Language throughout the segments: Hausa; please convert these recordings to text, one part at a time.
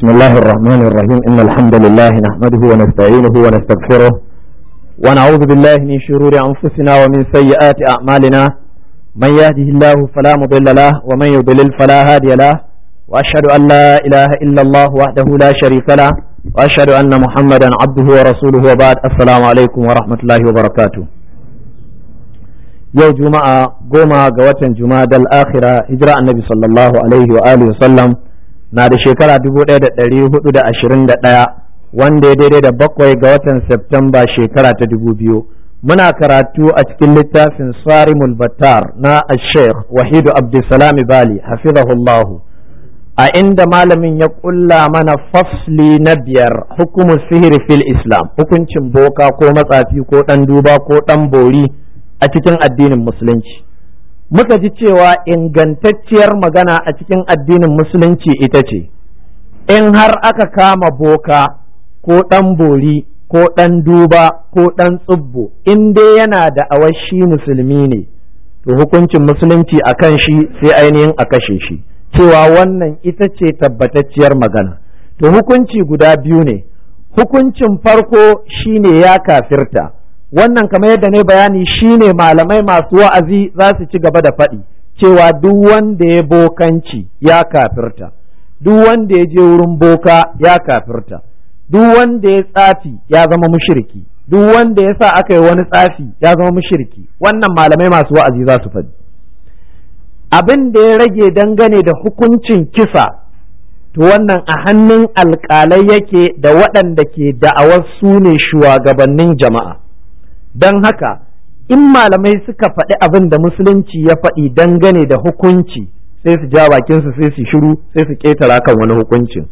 بسم الله الرحمن الرحيم إن الحمد لله نحمده ونستعينه ونستغفره ونعوذ بالله من شرور أنفسنا ومن سيئات أعمالنا من يهده الله فلا مضل له ومن يضلل فلا هادي له وأشهد أن لا إله إلا الله وحده لا شريك له وأشهد أن محمدا عبده ورسوله وبعد السلام عليكم ورحمة الله وبركاته يوم جمعة قوما قوة جمعة الآخرة إجراء النبي صلى الله عليه وآله وسلم na da shekara da da da hudu 1421 wanda ya daidai da bakwai ga watan Septemba shekara ta 2000 muna karatu a cikin littafin Sarimul mulbatar na Sheikh Wahidu abdulsalami Bali hafizahullahu a inda malamin ya kulla mana fasli na biyar hukumun sihiri fil Islam hukuncin boka ko matsafi ko ɗan duba ko ɗan bori a cikin addinin musulunci muka ji cewa ingantacciyar magana a cikin addinin musulunci ita ce in har aka kama boka ko ɗan bori ko ɗan duba ko ɗan tsubbo in dai yana da awashi musulmi ne to hukuncin musulunci a kan shi sai ainihin a kashe shi cewa wannan ita ce tabbatacciyar magana to hukunci guda biyu ne hukuncin farko shine ya kafirta wannan kamar yadda ne bayani shine malamai masu wa'azi za su ci gaba da faɗi cewa duk wanda ya bokanci ya kafirta duk wanda ya je wurin boka ya kafirta duk wanda ya tsafi ya zama mushiriki, duk wanda ya sa aka yi wani tsafi ya zama mushiriki, wannan malamai masu wa'azi za su faɗi abin da ya rage dangane da hukuncin kisa to wannan a hannun alƙalai yake da waɗanda ke da'awar su ne shugabannin jama'a don haka in malamai suka faɗi abin da musulunci ya faɗi dangane da hukunci sai su ja bakinsu sai su shiru sai su ƙetara kan wani hukuncin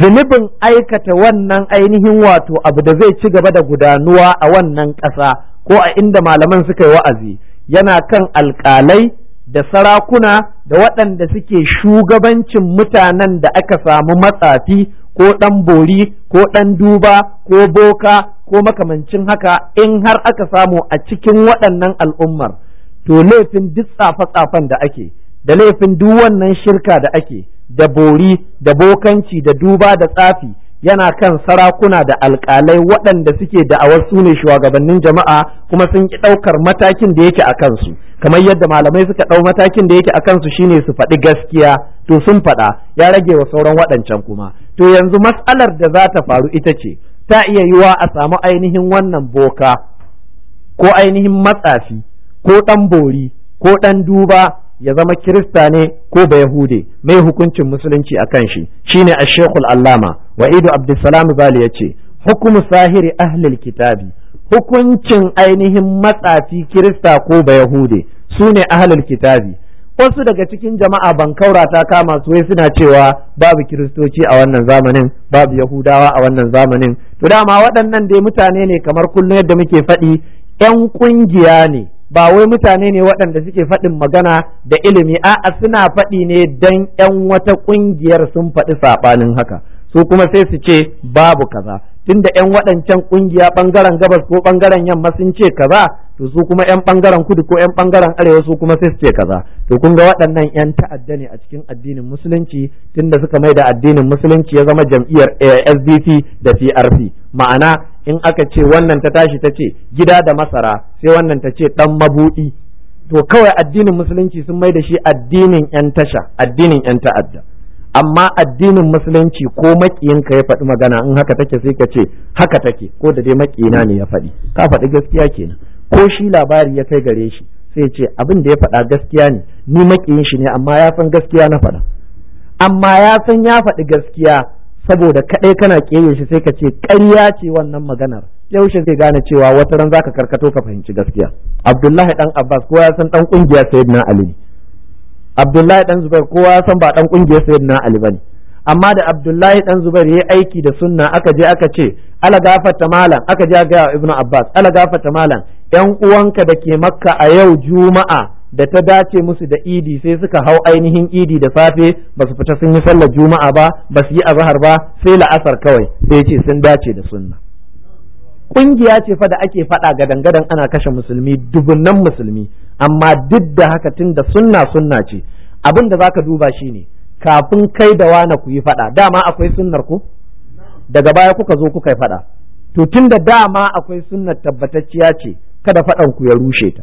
zunubin aikata wannan ainihin wato abu da zai ci gaba da gudanuwa a wannan ƙasa ko a inda malaman suka yi wa'azi yana kan alƙalai da sarakuna da waɗanda suke shugabancin mutanen da aka samu matsafi ko ɗan bori ko ɗan duba ko boka ko makamancin haka in har aka samu a cikin waɗannan al'ummar to laifin duk tsafe-tsafen da ake da laifin duk wannan shirka da ake da bori da bokanci da duba da tsafi yana kan sarakuna da alƙalai waɗanda suke da su ne shugabannin jama'a kuma sun ki ɗaukar matakin da yake a kansu kamar yadda malamai suka ɗau matakin da yake a kansu shine su faɗi gaskiya to sun faɗa ya rage wa sauran waɗancan kuma to yanzu matsalar da za ta faru ita ce ta iya yiwa a samu ainihin wannan boka ko ainihin matsafi ko ɗan bori ko ɗan duba ya zama kirista ne ko ba yahude mai hukuncin musulunci a kan shi shine a shekul allama wa'idu abdulsalam bali ya ce hukumu sahiri ahlil kitabi hukuncin ainihin matsafi kirista ko ba yahude su ne ahlil kitabi wasu daga cikin jama'a bankaura ta kama su wai suna cewa babu kiristoci a wannan zamanin babu yahudawa a wannan zamanin to dama waɗannan dai mutane ne kamar kullum yadda muke faɗi 'yan ƙungiya ne ba wai mutane ne waɗanda suke faɗin magana da ilimi a'a suna faɗi ne dan ƴan wata ƙungiyar sun faɗi saɓanin haka su kuma sai su ce babu kaza tunda ƴan waɗancan ƙungiya ɓangaren gabas ko ɓangaren yamma sun ce kaza to su kuma yan bangaren kudu ko yan bangaren arewa su kuma sai su ce kaza to kun ga waɗannan yan ta'adda ne a cikin addinin musulunci tunda suka mai da addinin musulunci ya zama jam'iyyar eh, SDP da PRP ma'ana in aka ce wannan ta tashi ta ce gida da masara sai wannan ta ce dan mabudi to kawai addinin musulunci sun mai da shi addinin yan tasha addinin yan ta'adda amma addinin musulunci ko ka ya faɗi magana in haka take sai ka ce haka take ko da dai makiyina ne ya faɗi ka faɗi gaskiya kenan ko shi labari ya kai gare shi sai ce abin da ya faɗa gaskiya ne ni makiyin shi ne amma ya san gaskiya na faɗa amma ya san ya faɗi gaskiya saboda kaɗai kana ƙeye shi sai ka ce ƙarya ce wannan maganar yaushe zai gane cewa wata ran zaka karkato ka fahimci gaskiya abdullahi dan abbas ko ya san dan kungiyar sayyidina ali abdullahi dan zubair ko ya san ba dan kungiyar sayyidina ali bane amma da abdullahi dan zubair yayi aiki da sunna aka je aka ce ala gafata malam aka je ga ibnu abbas ala gafata malam 'yan uwanka da ke makka a yau juma'a da ta dace musu da idi sai suka hau ainihin idi da safe ba su fita sun yi sallar juma'a ba ba su yi azhar ba sai la'asar kawai sai ce sun dace da sunna ƙungiya ce fa da ake faɗa ga dangadan ana kashe musulmi dubunnan musulmi amma duk da haka tun da sunna sunna ce abin da zaka duba shine kafin kai da wana ku yi faɗa dama akwai sunnar ku daga baya kuka zo kuka yi faɗa to tun da dama akwai sunnar tabbatacciya ce kada faɗan ku ya rushe ta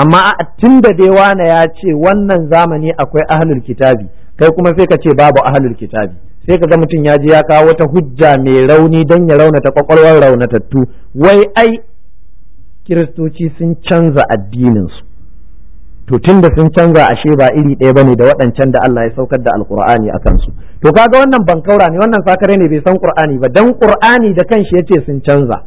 amma tun da dai wane ya ce wannan zamani akwai ahlul kitabi kai kuma sai ka ce babu ahlul kitabi sai ka ga mutum ya je ya kawo wata hujja mai rauni don ya raunata kwakwalwar raunatattu wai ai kiristoci sun canza addininsu to tun da sun canza ashe ba iri ɗaya bane da waɗancan da Allah ya saukar da alkur'ani a kansu to kaga wannan bankaura ne wannan sakare ne bai san qur'ani ba dan qur'ani da kanshi yace sun canza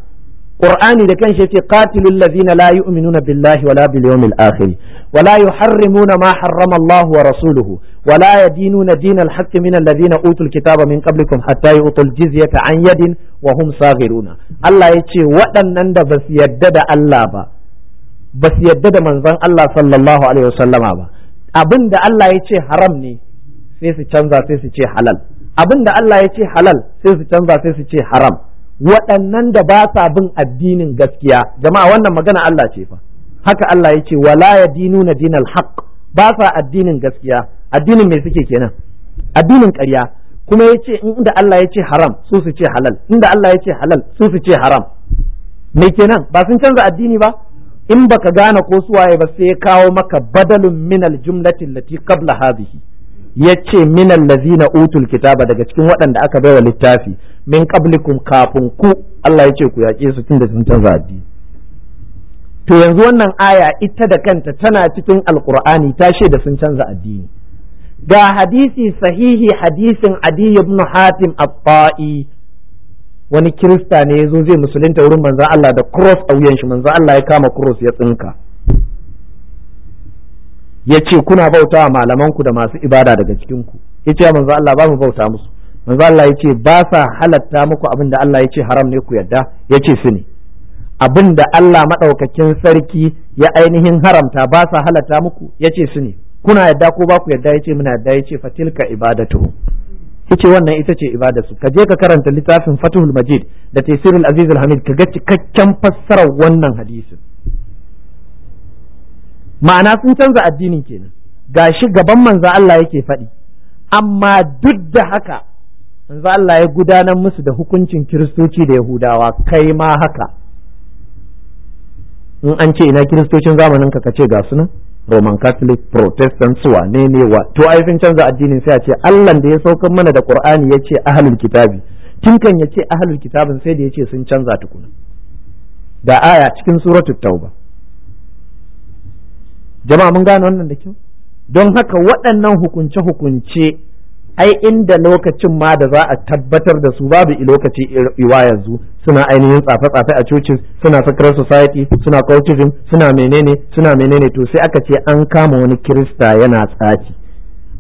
Ƙur'ani da kanshi yace qatilul ladina la yu'minuna billahi wala bil yawmil akhir wala yuharrimuna ma harrama Lahu wa rasuluhu wala ya dinal haqqi min alladhina utul kitaba min qablikum hatta yu'tul jizyata an yadin wa hum saghiruna Allah yace waɗannan da basu yadda da Allah ba basu yadda da manzon Allah sallallahu alaihi wasallama ba abin da Allah ya ce haram ne sai su canza sai su ce halal abin da Allah ya ce halal sai su canza sai su ce haram waɗannan da ba sa bin addinin gaskiya jama'a wannan magana Allah ce fa haka Allah ya ce wala yadinuna dinal haq ba sa addinin gaskiya addinin me suke kenan addinin ƙarya kuma ya ce inda Allah ya ce haram su su ce halal inda Allah ya ce halal su su ce haram me kenan ba sun canza addini ba in baka gane ko waye ba sai ya kawo maka badalun minal jumlatin lati qabla hadhihi yace minal lazina utul kitaba daga cikin waɗanda aka baiwa littafi min qablikum kafin ku Allah ya ce ku yaƙe su da sun canza addini to yanzu wannan aya ita da kanta tana cikin alqur'ani ta da sun canza addini ga hadisi sahihi hadisin adi ibn hatim at wani kirista ne yazo zai musulunta wurin manzon Allah da cross a wuyan shi manzon Allah ya kama cross ya tsinka yace kuna bautawa malaman ku da masu ibada daga cikin ku yace manzon Allah ba mu bauta musu manzo Allah yace ba sa halatta muku abin da Allah yace haram ne ku yadda yace su ne abin da Allah maɗaukakin sarki ya ainihin haramta ba sa halatta muku yace su ne kuna yadda ko ba ku yadda yace muna yadda yace fatilka ibadatu ce wannan ita ce ibada su je ka karanta littafin Fathul Majid da tesirul azizul hamid ka kaga cikakken fassarar wannan hadisin ma'ana sun canza addinin kenan Ga shi gaban manza Allah yake faɗi amma duk da haka yanzu Allah ya gudanar musu da hukuncin kiristoci da yahudawa kai ma haka in an ce ina kiristocin zamanin ka ce ga sunan roman catholic protestant suwa ne ne wa to ai sun canza addinin sai a ce Allah da ya saukar mana da qur'ani ya ce ahlul kitabi tun kan ya ce ahlul kitabin sai da ya ce sun canza tukuna da aya cikin suratul tauba jama'a mun gane wannan da kyau don haka waɗannan hukunce-hukunce ai inda lokacin ma da za a tabbatar da su babu lokaci iwa yanzu suna ainihin tsafe-tsafe a cocin suna sakarar society suna cultism suna menene suna menene to sai aka ce an kama wani kirista yana tsaci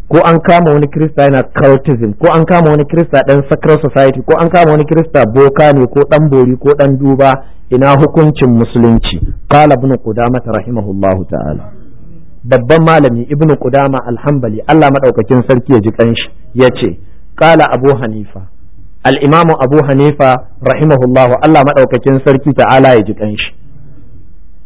ko an kama wani kirista yana cultism ko an kama wani kirista dan sakarar society ko an kama wani kirista boka ne ko dan bori ko dan duba ina hukuncin musulunci qala ibn qudamah rahimahullahu ta'ala babban malami ibnu qudama alhambali Allah madaukakin sarki ya ji kanshi yace qala abu hanifa al-imamu abu hanifa rahimahullahu Allah madaukakin sarki ta'ala ya ji kanshi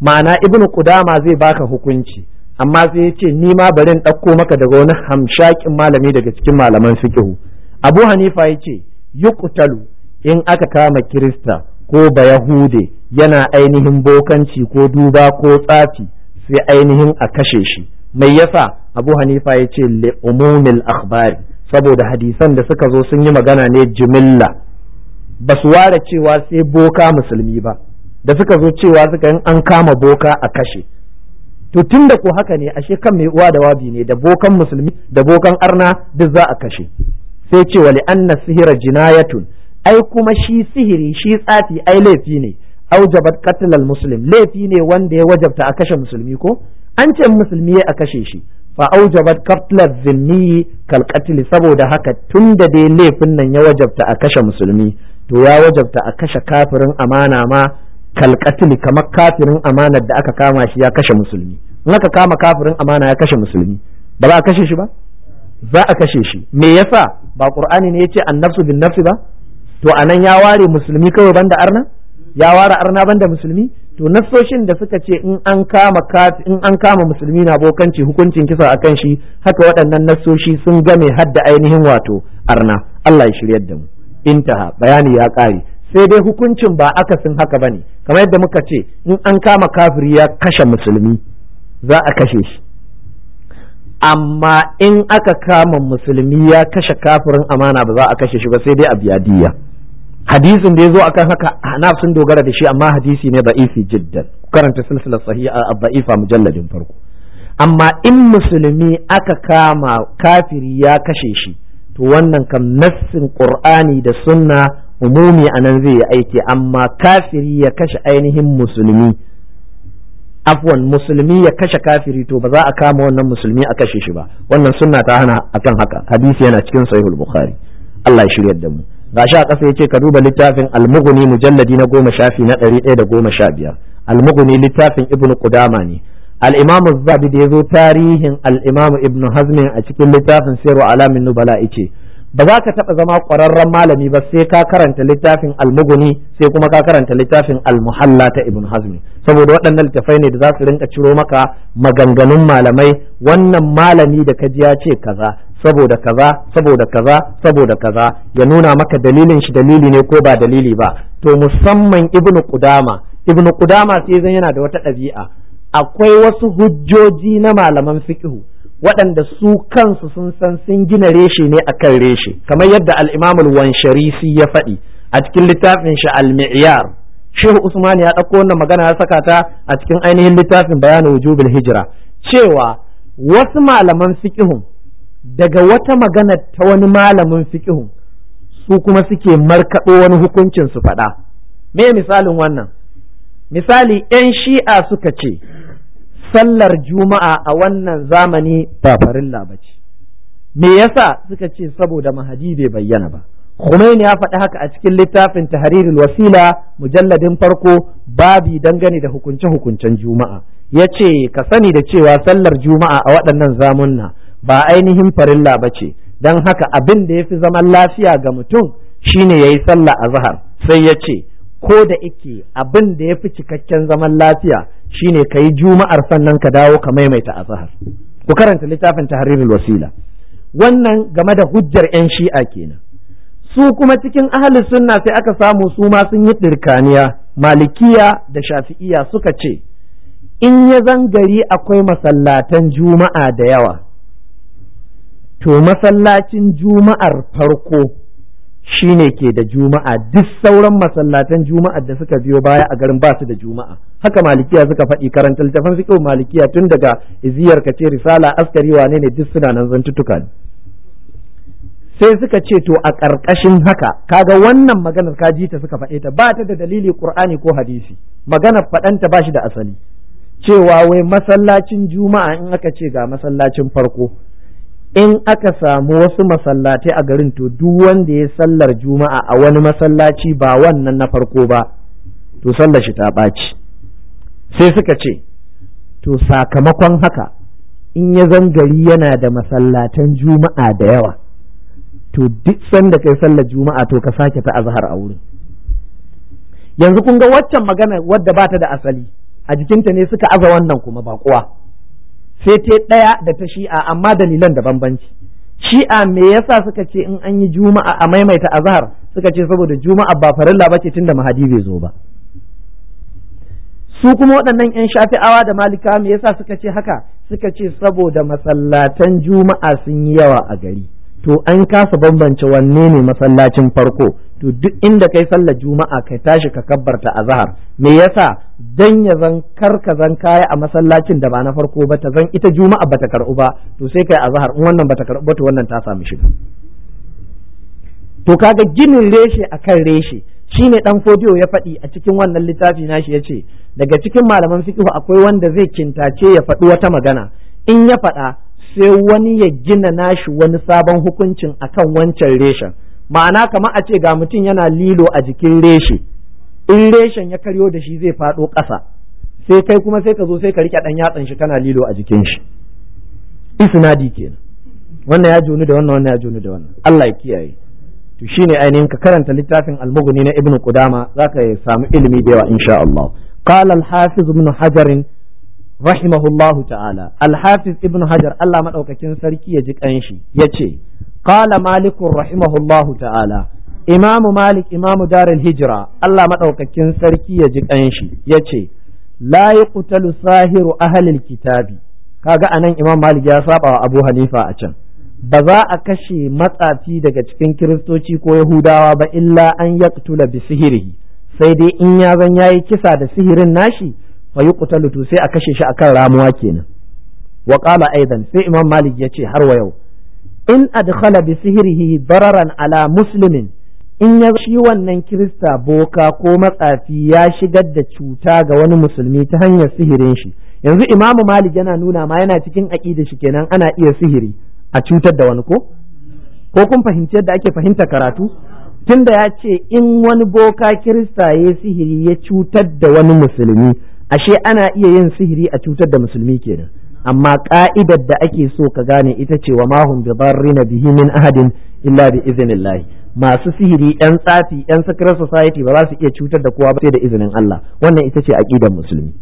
ma'ana ibnu Kudama zai baka hukunci amma sai yace ni ma barin ɗauko maka daga wani hamshakin malami daga cikin malaman fiqhu abu hanifa ya yace yuqtalu in aka kama kirista ko bayahude yana ainihin bokanci ko duba ko tsafi sai ainihin a kashe shi mai yasa abu hanifa ya ce liumumil akhbari saboda hadisan da suka zo sun yi magana ne jimilla ba su ware cewa sai boka musulmi ba da suka zo cewa suka yin an kama boka a kashe to tun da ko haka ne ashe kan mai uwa da wabi ne da bokan musulmi da bokan arna duk za a kashe sai cewa li'anna na sihira jinayatun ai kuma shi sihiri shi tsafi ai laifi ne aujabat qatlal muslim laifi ne wanda ya wajabta a kashe musulmi ko an ce musulmi ya a kashe shi fa aujabat qatlal zimmi kal qatl saboda haka tunda dai laifin nan ya wajabta a kashe musulmi to ya wajabta a kashe kafirin amana ma kal qatl kamar kafirin amanar da aka kama shi ya kashe musulmi in aka kama kafirin amana ya kashe musulmi ba za a kashe shi ba za a kashe shi me yasa ba qur'ani ne yace annafsu bin nafsi ba to anan ya ware musulmi kawai banda arna ya ware arna banda musulmi to nasoshin da suka ce in an kama in an kama musulmi na bokanci hukuncin kisa akan shi haka waɗannan nasoshi sun game hadda ainihin wato arna Allah ya shiryar da mu intaha bayani ya kare sai dai hukuncin ba akasin haka bane kamar yadda muka ce in an kama kafiri ya kashe musulmi za a kashe shi amma in aka kama musulmi ya kashe kafirin amana ba za a kashe shi ba sai dai a biya diya hadisin da ya zo akan haka na sun dogara da shi amma hadisi ne ba'ifi jiddan karanta silsilar sahiha a ba'ifa mujalladin farko amma in musulmi aka kama kafiri ya kashe shi to wannan kam nassin qur'ani da sunna umumi anan zai yi aiki amma kafiri ya kashe ainihin musulmi afwan musulmi ya kashe kafiri to ba za a kama wannan musulmi a kashe shi ba wannan sunna ta hana akan haka hadisi yana cikin sahihul bukhari Allah ya shiryar da mu gashi a ƙasa yace ka duba littafin almuguni mujalladi na goma shafi na ɗari ɗaya da goma sha biyar almuguni littafin ibn qudama ne al-imam az-zabi da tarihin al'imamu ibnu ibn a cikin littafin sirru alamin nubala yace ba za ka taɓa zama ƙwararren malami ba sai ka karanta littafin almuguni sai kuma ka karanta littafin almuhalla ta ibn hazmin saboda waɗannan littafai ne da za su rinka ciro maka maganganun malamai wannan malami da ka ji ya ce kaza saboda kaza saboda kaza saboda kaza ya nuna maka dalilin shi dalili ne ko ba dalili ba to musamman ibnu qudama ibnu qudama sai zan yana da wata ɗabi'a akwai wasu hujjoji na malaman fiqh waɗanda su kansu sun san sun gina reshe ne akan reshe kamar yadda al-imam al-wansharisi ya faɗi a cikin littafin shi al-mi'yar shehu usman ya ɗauko wannan magana ya saka ta a cikin ainihin littafin bayanin wujubil hijra cewa wasu malaman fiqhun daga wata magana ta wani malamin fiqihun su kuma suke markaɗo wani hukuncin su faɗa me misalin wannan misali 'yan shi'a suka ce sallar juma'a a wannan zamani ba farilla ba ce me yasa suka ce saboda mahadi bai bayyana ba Khomeini ya faɗi haka a cikin littafin tahrirul wasila mujalladin farko babi dangane da hukunce hukuncen juma'a ya ce ka sani da cewa sallar juma'a a waɗannan zamunna ba ainihin farilla ba ce don haka abin da ya fi zaman lafiya ga mutum shine ya yi sallah a zahar sai ya ce ko da ike abin da ya fi cikakken zaman lafiya shine ka yi juma'ar sannan ka dawo ka maimaita a zahar ku karanta littafin tahririn wasila wannan game da hujjar 'yan shi'a kenan su kuma cikin ahli sunna sai aka samu su ma sun yi ɗirkaniya malikiya da shafi'iya suka ce in ya zangari akwai masallatan juma'a da yawa to masallacin juma'ar farko shine ke da juma'a duk sauran masallatan juma'ar da suka biyo baya a garin ba su da juma'a haka malikiya suka faɗi karanta littafin fiqh malikiya tun daga iziyar kace risala askari wane ne duk suna nan zantuttuka sai suka ce to a ƙarƙashin haka kaga wannan maganar ka ji ta suka faɗe ta ba ta da dalili qur'ani ko hadisi maganar faɗanta ba shi da asali cewa wai masallacin juma'a in aka ce ga masallacin farko in aka samu wasu masallatai a garin to duk wanda ya sallar juma'a a wani masallaci ba wannan na farko ba to sallar shi ta ɓaci sai suka ce to sakamakon haka in ya zan gari yana da masallatan juma'a da yawa to duk sanda kai sallar juma'a to ka sake ta azhar a wurin yanzu kun ga waccan magana wadda ba ta da asali a jikinta ne suka aza wannan kuma ba kuwa sai ta ɗaya da ta shi'a amma dalilan da bambanci shi'a me yasa suka ce in an yi juma'a a maimaita azahar suka ce saboda juma'a ba farilla tun da mahadi bai zo ba su kuma waɗannan yan shafi'awa da malika me yasa suka ce haka suka ce saboda masallatan juma'a sun yi yawa a gari to an kasa bambance wanne ne masallacin farko to duk inda kai sallar juma'a kai tashi ka kabbarta azhar me yasa dan ya zan karka zan kaya a masallacin da ba na farko ba ta zan ita juma'a bata karbu ba to sai kai azhar in wannan bata karbu to wannan ta samu shiga to kaga ginin reshe akan reshe shine dan fodiyo ya faɗi a cikin wannan littafi nashi yace daga cikin malaman fiqh akwai wanda zai kintace ya faɗi wata magana in ya faɗa sai wani ya gina nashi wani sabon hukuncin akan wancan reshen ma'ana kamar a ce ga mutum yana lilo a jikin reshe in reshen ya karyo da shi zai faɗo ƙasa sai kai kuma sai ka zo sai ka rike ɗan yatsan shi kana lilo a jikin shi isnadi kenan wannan ya joni da wannan wannan ya joni da wannan Allah ya kiyaye to shine ainihin ka karanta littafin al-mughni na ibnu qudama zaka samu ilimi da yawa insha Allah qala al-hafiz ibn hajar rahimahullahu ta'ala alhafiz ibn hajar Allah madaukakin sarki ya ji kanshi yace qala malikun rahimahullahu ta'ala imamu malik imamu darul hijra Allah madaukakin sarki ya ji kanshi yace la yuqtalu sahiru ahlil kitabi kaga anan imam malik ya saba wa abu hanifa a can ba za a kashe matsafi daga cikin kiristoci ko yahudawa ba illa an yaqtula bi sai dai in ya zan yayi kisa da sihirin nashi fa yuqtalu to sai a kashe shi akan ramuwa kenan wa qala aidan sai imam malik yace har wa yau in adkhala bi sihrihi dararan ala muslimin in ya shi wannan kirista boka ko matsafi ya shigar da cuta ga wani musulmi ta hanyar sihirin shi yanzu imam malik yana nuna ma yana cikin aƙida shi kenan ana iya sihiri a cutar da wani ko ko kun fahimci yadda ake fahimta karatu tunda ya ce in wani boka kirista ya sihiri ya cutar da wani musulmi ashe ana iya yin sihiri a cutar da musulmi kenan amma ka'idar da ake so ka gane ita ce wa mahum bi bihinin bihi min ahadin illa bi iznillah masu sihiri yan tsafi yan secret society ba za su iya cutar da kowa ba sai da izinin Allah wannan ita ce aqidar musulmi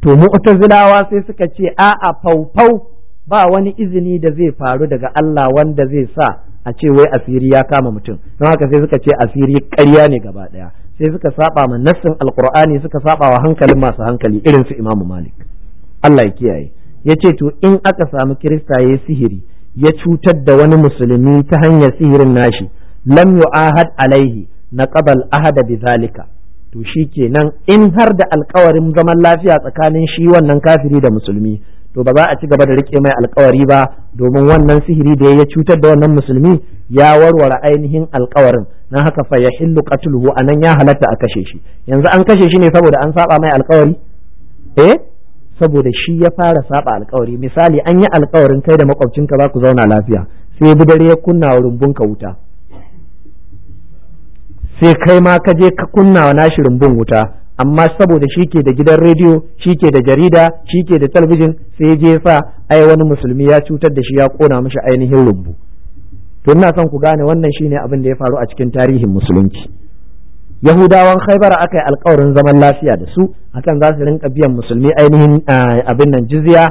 to mu'tazilawa sai suka ce a'a faufau ba wani izini da zai faru daga Allah wanda zai sa a ce wai asiri ya kama mutum don haka sai suka ce asiri ƙarya ne gaba ɗaya sai suka saba ma nassin alqur'ani suka saba wa hankalin masu hankali irin su imam malik Allah ya kiyaye yace to in aka samu kirista yayi sihiri ya cutar da wani musulmi ta hanyar sihirin nashi lam yu'ahad alaihi na qabal ahada bidhalika to shi kenan in har da alkawarin zaman lafiya tsakanin shi wannan kafiri da musulmi to ba za a ci gaba da rike mai alkawari ba domin wannan sihiri da ya cutar da wannan musulmi ya warware ainihin alkawarin na haka fa ya hillu qatluhu anan ya halatta a kashe shi yanzu an kashe shi ne saboda an saba mai alkawari eh saboda shi ya fara saba alkawari misali an yi alkawarin kai da makwabcinka za ku zauna lafiya sai bi dare ya kunna rumbunka wuta sai kai ma ka je ka kunna wa nashi rumbun wuta amma saboda shi ke da gidan rediyo shi ke da jarida shi ke da talabijin sai je sa ai wani musulmi ya cutar da shi ya kona mishi ainihin rubu to ina son ku gane wannan shine abin da ya faru a cikin tarihin musulunci yahudawan khaibar aka yi alkawarin zaman lafiya da su akan za su rinka biyan musulmi ainihin eh, abin nan jizya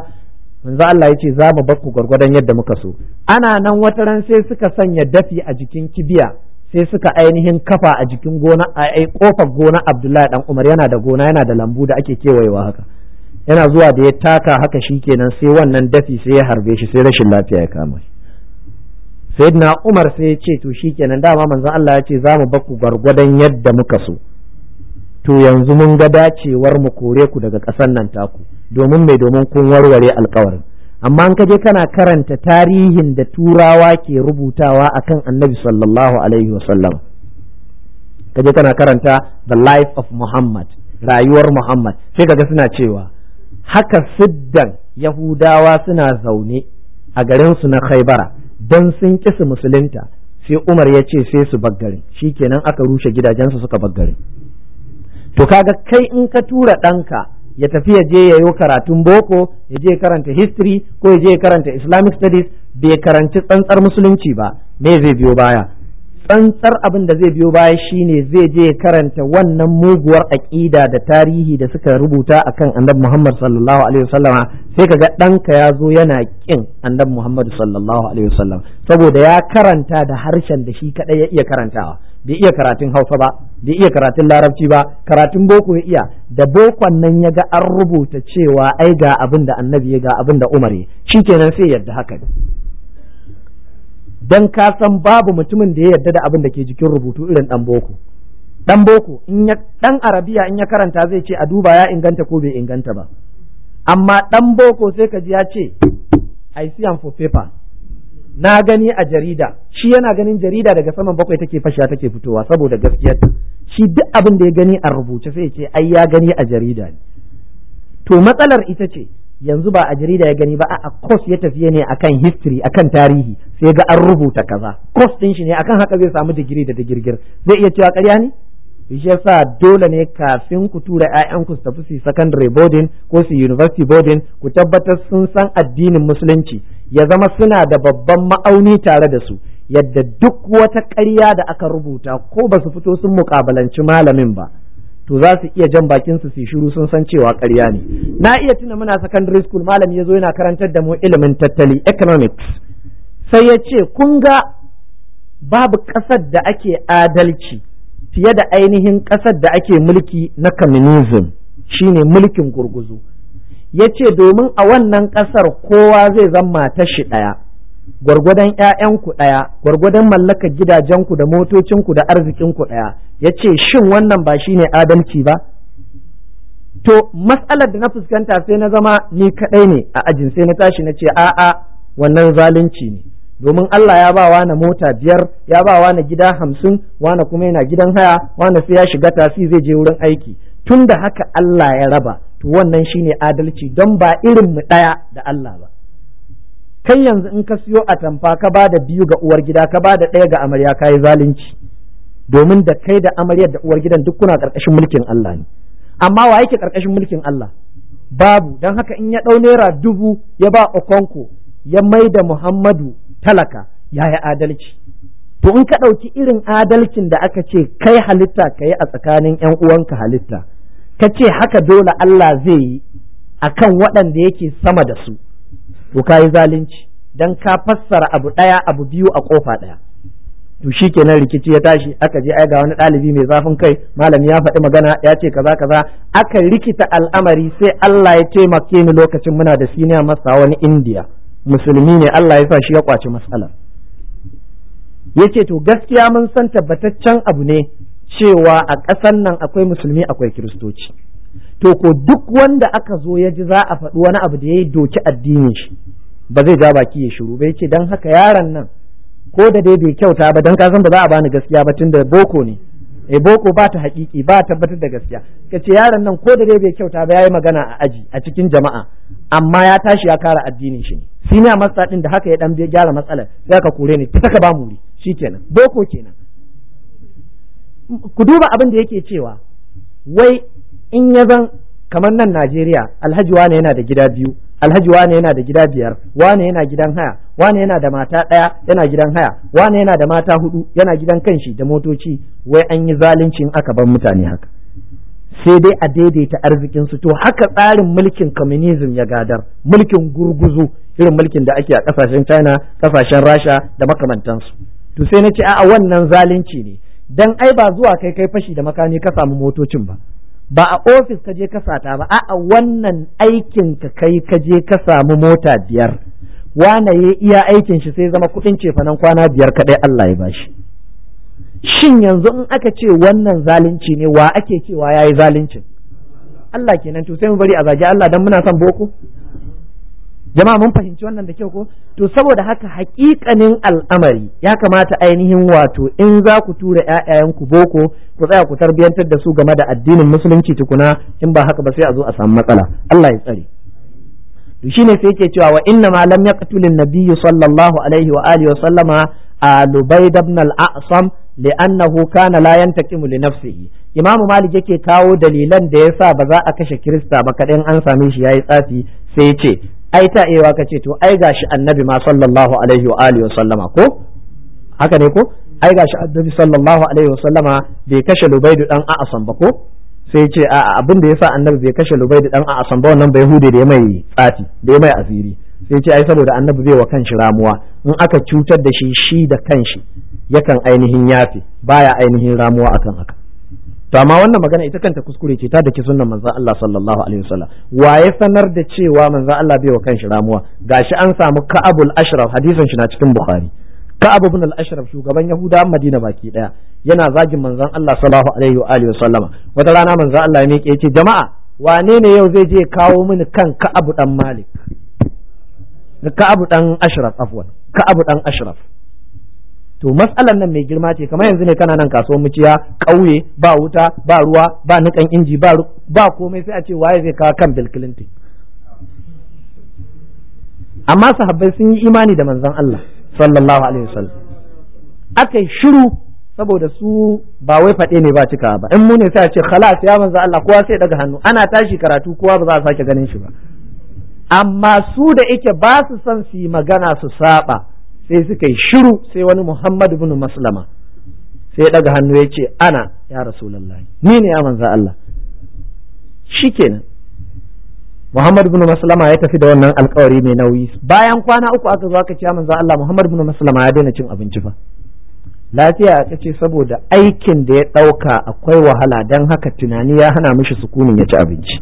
manzo Allah ya ce za mu bakku gwargwadon yadda muka so ana nan wata ran sai suka sanya dafi a jikin kibiya sai suka ainihin kafa a jikin gona a kofar gona abdullahi dan umar yana da gona yana da lambu da ake kewayewa haka yana zuwa da ya taka haka shi shikenan sai wannan dafi sai ya harbe shi sai rashin lafiya ya kama shi sayyidina umar sai ya ce to shikenan dama manzon Allah ya ce za mu ku gwargwadon yadda muka so to yanzu mun ga dacewar mu kore ku daga ƙasar nan taku domin mai domin kun warware alkawarin amma an kaje kana karanta tarihin da turawa ke rubutawa a kan annabi sallallahu alaihi wasallam kaje kana karanta the life of muhammad rayuwar muhammad sai kaga suna cewa haka siddan yahudawa suna zaune a garinsu na khaibara don sun kisa musulunta sai umar ya ce sai su shi shikenan aka rushe gidajensu suka baggare to kaga kai in ka tura ɗanka ya tafi ya je ya yi karatun boko ya je karanta history ko ya je karanta islamic studies bai karanci tsantsar musulunci ba me zai biyo baya tsantsar abin da zai biyo baya shine zai je karanta wannan muguwar aƙida da tarihi da suka rubuta akan annabi Muhammad sallallahu alaihi wasallama sai kaga ɗanka ya zo yana kin annabi Muhammad sallallahu alaihi wasallam saboda ya karanta da harshen da shi kadai ya iya karantawa bai iya karatun hausa ba bai iya karatun larabci ba karatun boko ya iya da bokon nan ya ga an rubuta cewa ai ga abin da annabi ya ga abin da umar kenan sai yadda haka dan ka san babu mutumin da ya yarda da abin da ke jikin rubutu irin dan boko dan boko in ya dan arabiya in ya karanta zai ce a duba ya inganta ko bai inganta ba amma dan boko sai ka ji ya ce i see am for paper na gani a jarida shi yana ganin jarida daga saman bakwai take fashiya take fitowa saboda gaskiyar shi duk abin da ya gani a rubuce sai ce ai ya gani a jarida ne to matsalar ita ce yanzu ba a jarida ya gani ba a course ya tafiye ne akan history akan tarihi sai ga an rubuta kaza course din shi ne akan haka zai samu digiri da digirgir zai iya cewa ƙarya ne shi yasa dole ne kafin ku tura 'ya'yan ku tafi su secondary boarding ko su university boarding ku tabbatar sun san addinin musulunci ya zama suna da babban ma'auni tare da su yadda duk wata ƙarya da aka rubuta ko ba su fito sun muƙabalanci malamin ba to za su iya jan bakin su su shiru sun san cewa ƙarya ne na iya tuna muna secondary school malami ya zo yana karantar da mu ilimin tattali economics sai ya ce kun ga babu ƙasar da ake adalci fiye da ainihin ƙasar da ake mulki na communism shine mulkin gurguzu ya ce domin a wannan ƙasar kowa zai zan mata shi ɗaya gwargwadon ‘ya'yanku ɗaya gwargwadon mallakar gidajenku da motocinku da arzikinku ɗaya ya ce shin wannan ba shi ne adalci ba to matsalar da na fuskanta sai na zama ni kaɗai ne a ajin sai na tashi na ce a'a wannan zalunci ne domin Allah ya ba wani mota biyar ya ba wani gida hamsin wani kuma yana gidan haya wani sai ya shiga tasi zai je wurin aiki tun da haka Allah ya raba to wannan shine adalci don ba irin mu ɗaya da Allah ba kai yanzu in ka siyo atamfa ka ba da biyu ga uwar gida ka ba da ɗaya ga amarya ka yi zalunci domin da kai da amaryar da uwar gidan duk kuna ƙarƙashin mulkin Allah ne amma wa yake ƙarƙashin mulkin Allah babu don haka in ya ɗau naira dubu ya ba Okonko ya mai da Muhammadu talaka ya yi adalci to in ka ɗauki irin adalcin da aka ce kai halitta ka yi a tsakanin ‘yan uwanka halitta ka ce haka dole Allah zai yi a kan waɗanda yake sama da su to ka yi zalunci don ka fassara abu ɗaya abu biyu a ƙofa ɗaya to shi kenan rikici ya tashi aka je ai ga wani ɗalibi mai zafin kai malami ya faɗi magana ya ce kaza kaza aka rikita al'amari sai Allah ya taimake ni lokacin muna da siniya masa wani indiya musulmi ne Allah ya sa shi ya kwaci matsalar ya ce to gaskiya mun san tabbataccen abu ne cewa a ƙasar nan akwai musulmi akwai kiristoci to ko duk wanda aka zo ya ji za a faɗi wani abu da ya yi doki addinin shi ba zai ja baki ya shiru ba yace dan haka yaron nan ko da dai bai kyauta ba dan kasan ba za a bani gaskiya ba tunda boko ne e boko ba ta haƙiƙi ba tabbatar da gaskiya kace yaron nan ko da dai bai kyauta ba yayi magana a aji a cikin jama'a amma ya tashi ya kara addinin shi ne senior master din da haka ya dan bai gyara matsalar sai ka kore ni ta ka ba muri shikenan boko kenan ku duba abin da yake cewa wai in ya zan kamar nan Najeriya alhaji wane yana da gida biyu alhaji wane yana da gida biyar wane yana gidan haya wane yana da mata ɗaya yana gidan haya wane yana da mata hudu yana gidan kanshi da motoci wai an yi zalincin aka bar mutane haka sai dai a daidaita arzikin su to haka tsarin mulkin communism ya gadar mulkin gurguzu irin mulkin da ake a kasashen China kasashen Rasha da makamantansu to sai na ce a'a wannan zalunci ne dan ai ba zuwa kai kai fashi da makami ka samu motocin ba ba a ofis ka je ka sata ba a'a wannan aikin ka kai ka je ka samu mota biyar wane ya iya aikin shi sai zama kudin nan kwana biyar kadai Allah ya bashi shin yanzu in aka ce wannan zalunci ne wa ake cewa yayi zaluncin Allah kenan to sai mu bari a zagi Allah dan muna son boko jama'a mun fahimci wannan da kyau ko to saboda haka hakikanin al'amari ya kamata ainihin wato in za ku tura ku boko ku tsaya ku tarbiyantar da su game da addinin musulunci tukuna in ba haka ba sai a zo a samu matsala Allah ya tsare to shine sai yake cewa wa inna ma lam an nabiyyu sallallahu alaihi wa alihi wa sallama alubaid ibn al-a'sam li'annahu kana la yantaqimu li nafsihi imam malik yake kawo dalilan da ya sa ba za a kashe kirista ba kadan an same shi ya yi tsafi sai ce ai ta ewa ka ce to ai gashi annabi ma sallallahu alaihi wa alihi wa sallama ko haka ne ko ai gashi annabi sallallahu alaihi wa sallama bai kashe lubaidu dan a'asan ba ko sai ce a abin da yasa annabi bai kashe lubaidu dan a'asan ba wannan bai hude da ya mai tsati da ya mai asiri sai ce ai saboda annabi bai wa kanshi ramuwa in aka cutar da shi shi da kanshi yakan ainihin yafe baya ainihin ramuwa akan haka to amma wannan magana ita kanta kuskure ce ta dake sunnan manzon Allah sallallahu alaihi wasallam wa ya sanar da cewa manzon Allah bai wa kanshi ramuwa gashi an samu Ka'abul Ashraf hadisin shi na cikin Bukhari Ka'ab ibn al-Ashraf shugaban Yahuda Madina baki daya yana zagin manzon Allah sallallahu alaihi wa alihi wasallama wata rana manzon Allah ya miƙe yace jama'a wane ne yau zai je kawo mini kan Ka'ab dan Malik Ka'ab dan Ashraf afwan Ka'ab dan Ashraf to matsalan nan mai girma ce kamar yanzu ne kana nan kasuwar muciya ƙauye ba wuta ba ruwa ba nukan inji ba ba komai sai a ce waye zai kawo kan Bill Clinton amma sahabbai sun yi imani da manzon Allah sallallahu alaihi wasallam aka yi shiru saboda su ba wai faɗe ne ba cika ba in mu ne sai a ce khalas ya manzan Allah kowa sai daga hannu ana tashi karatu kowa ba za a sake ganin shi ba amma su da yake ba su son su yi magana su saba sai suka yi shiru sai wani Muhammad ibn Maslama sai ya daga hannu ya ce ana ya rasulullahi ni ne ya manzo Allah kenan Muhammad ibn Maslama ya tafi da wannan alkawari mai nauyi bayan kwana uku aka zo aka ce ya manzo Allah Muhammad ibn Maslama ya daina cin abinci fa lafiya aka ce saboda aikin da ya ɗauka akwai wahala dan haka tunani ya hana mishi sukunin ya ci abinci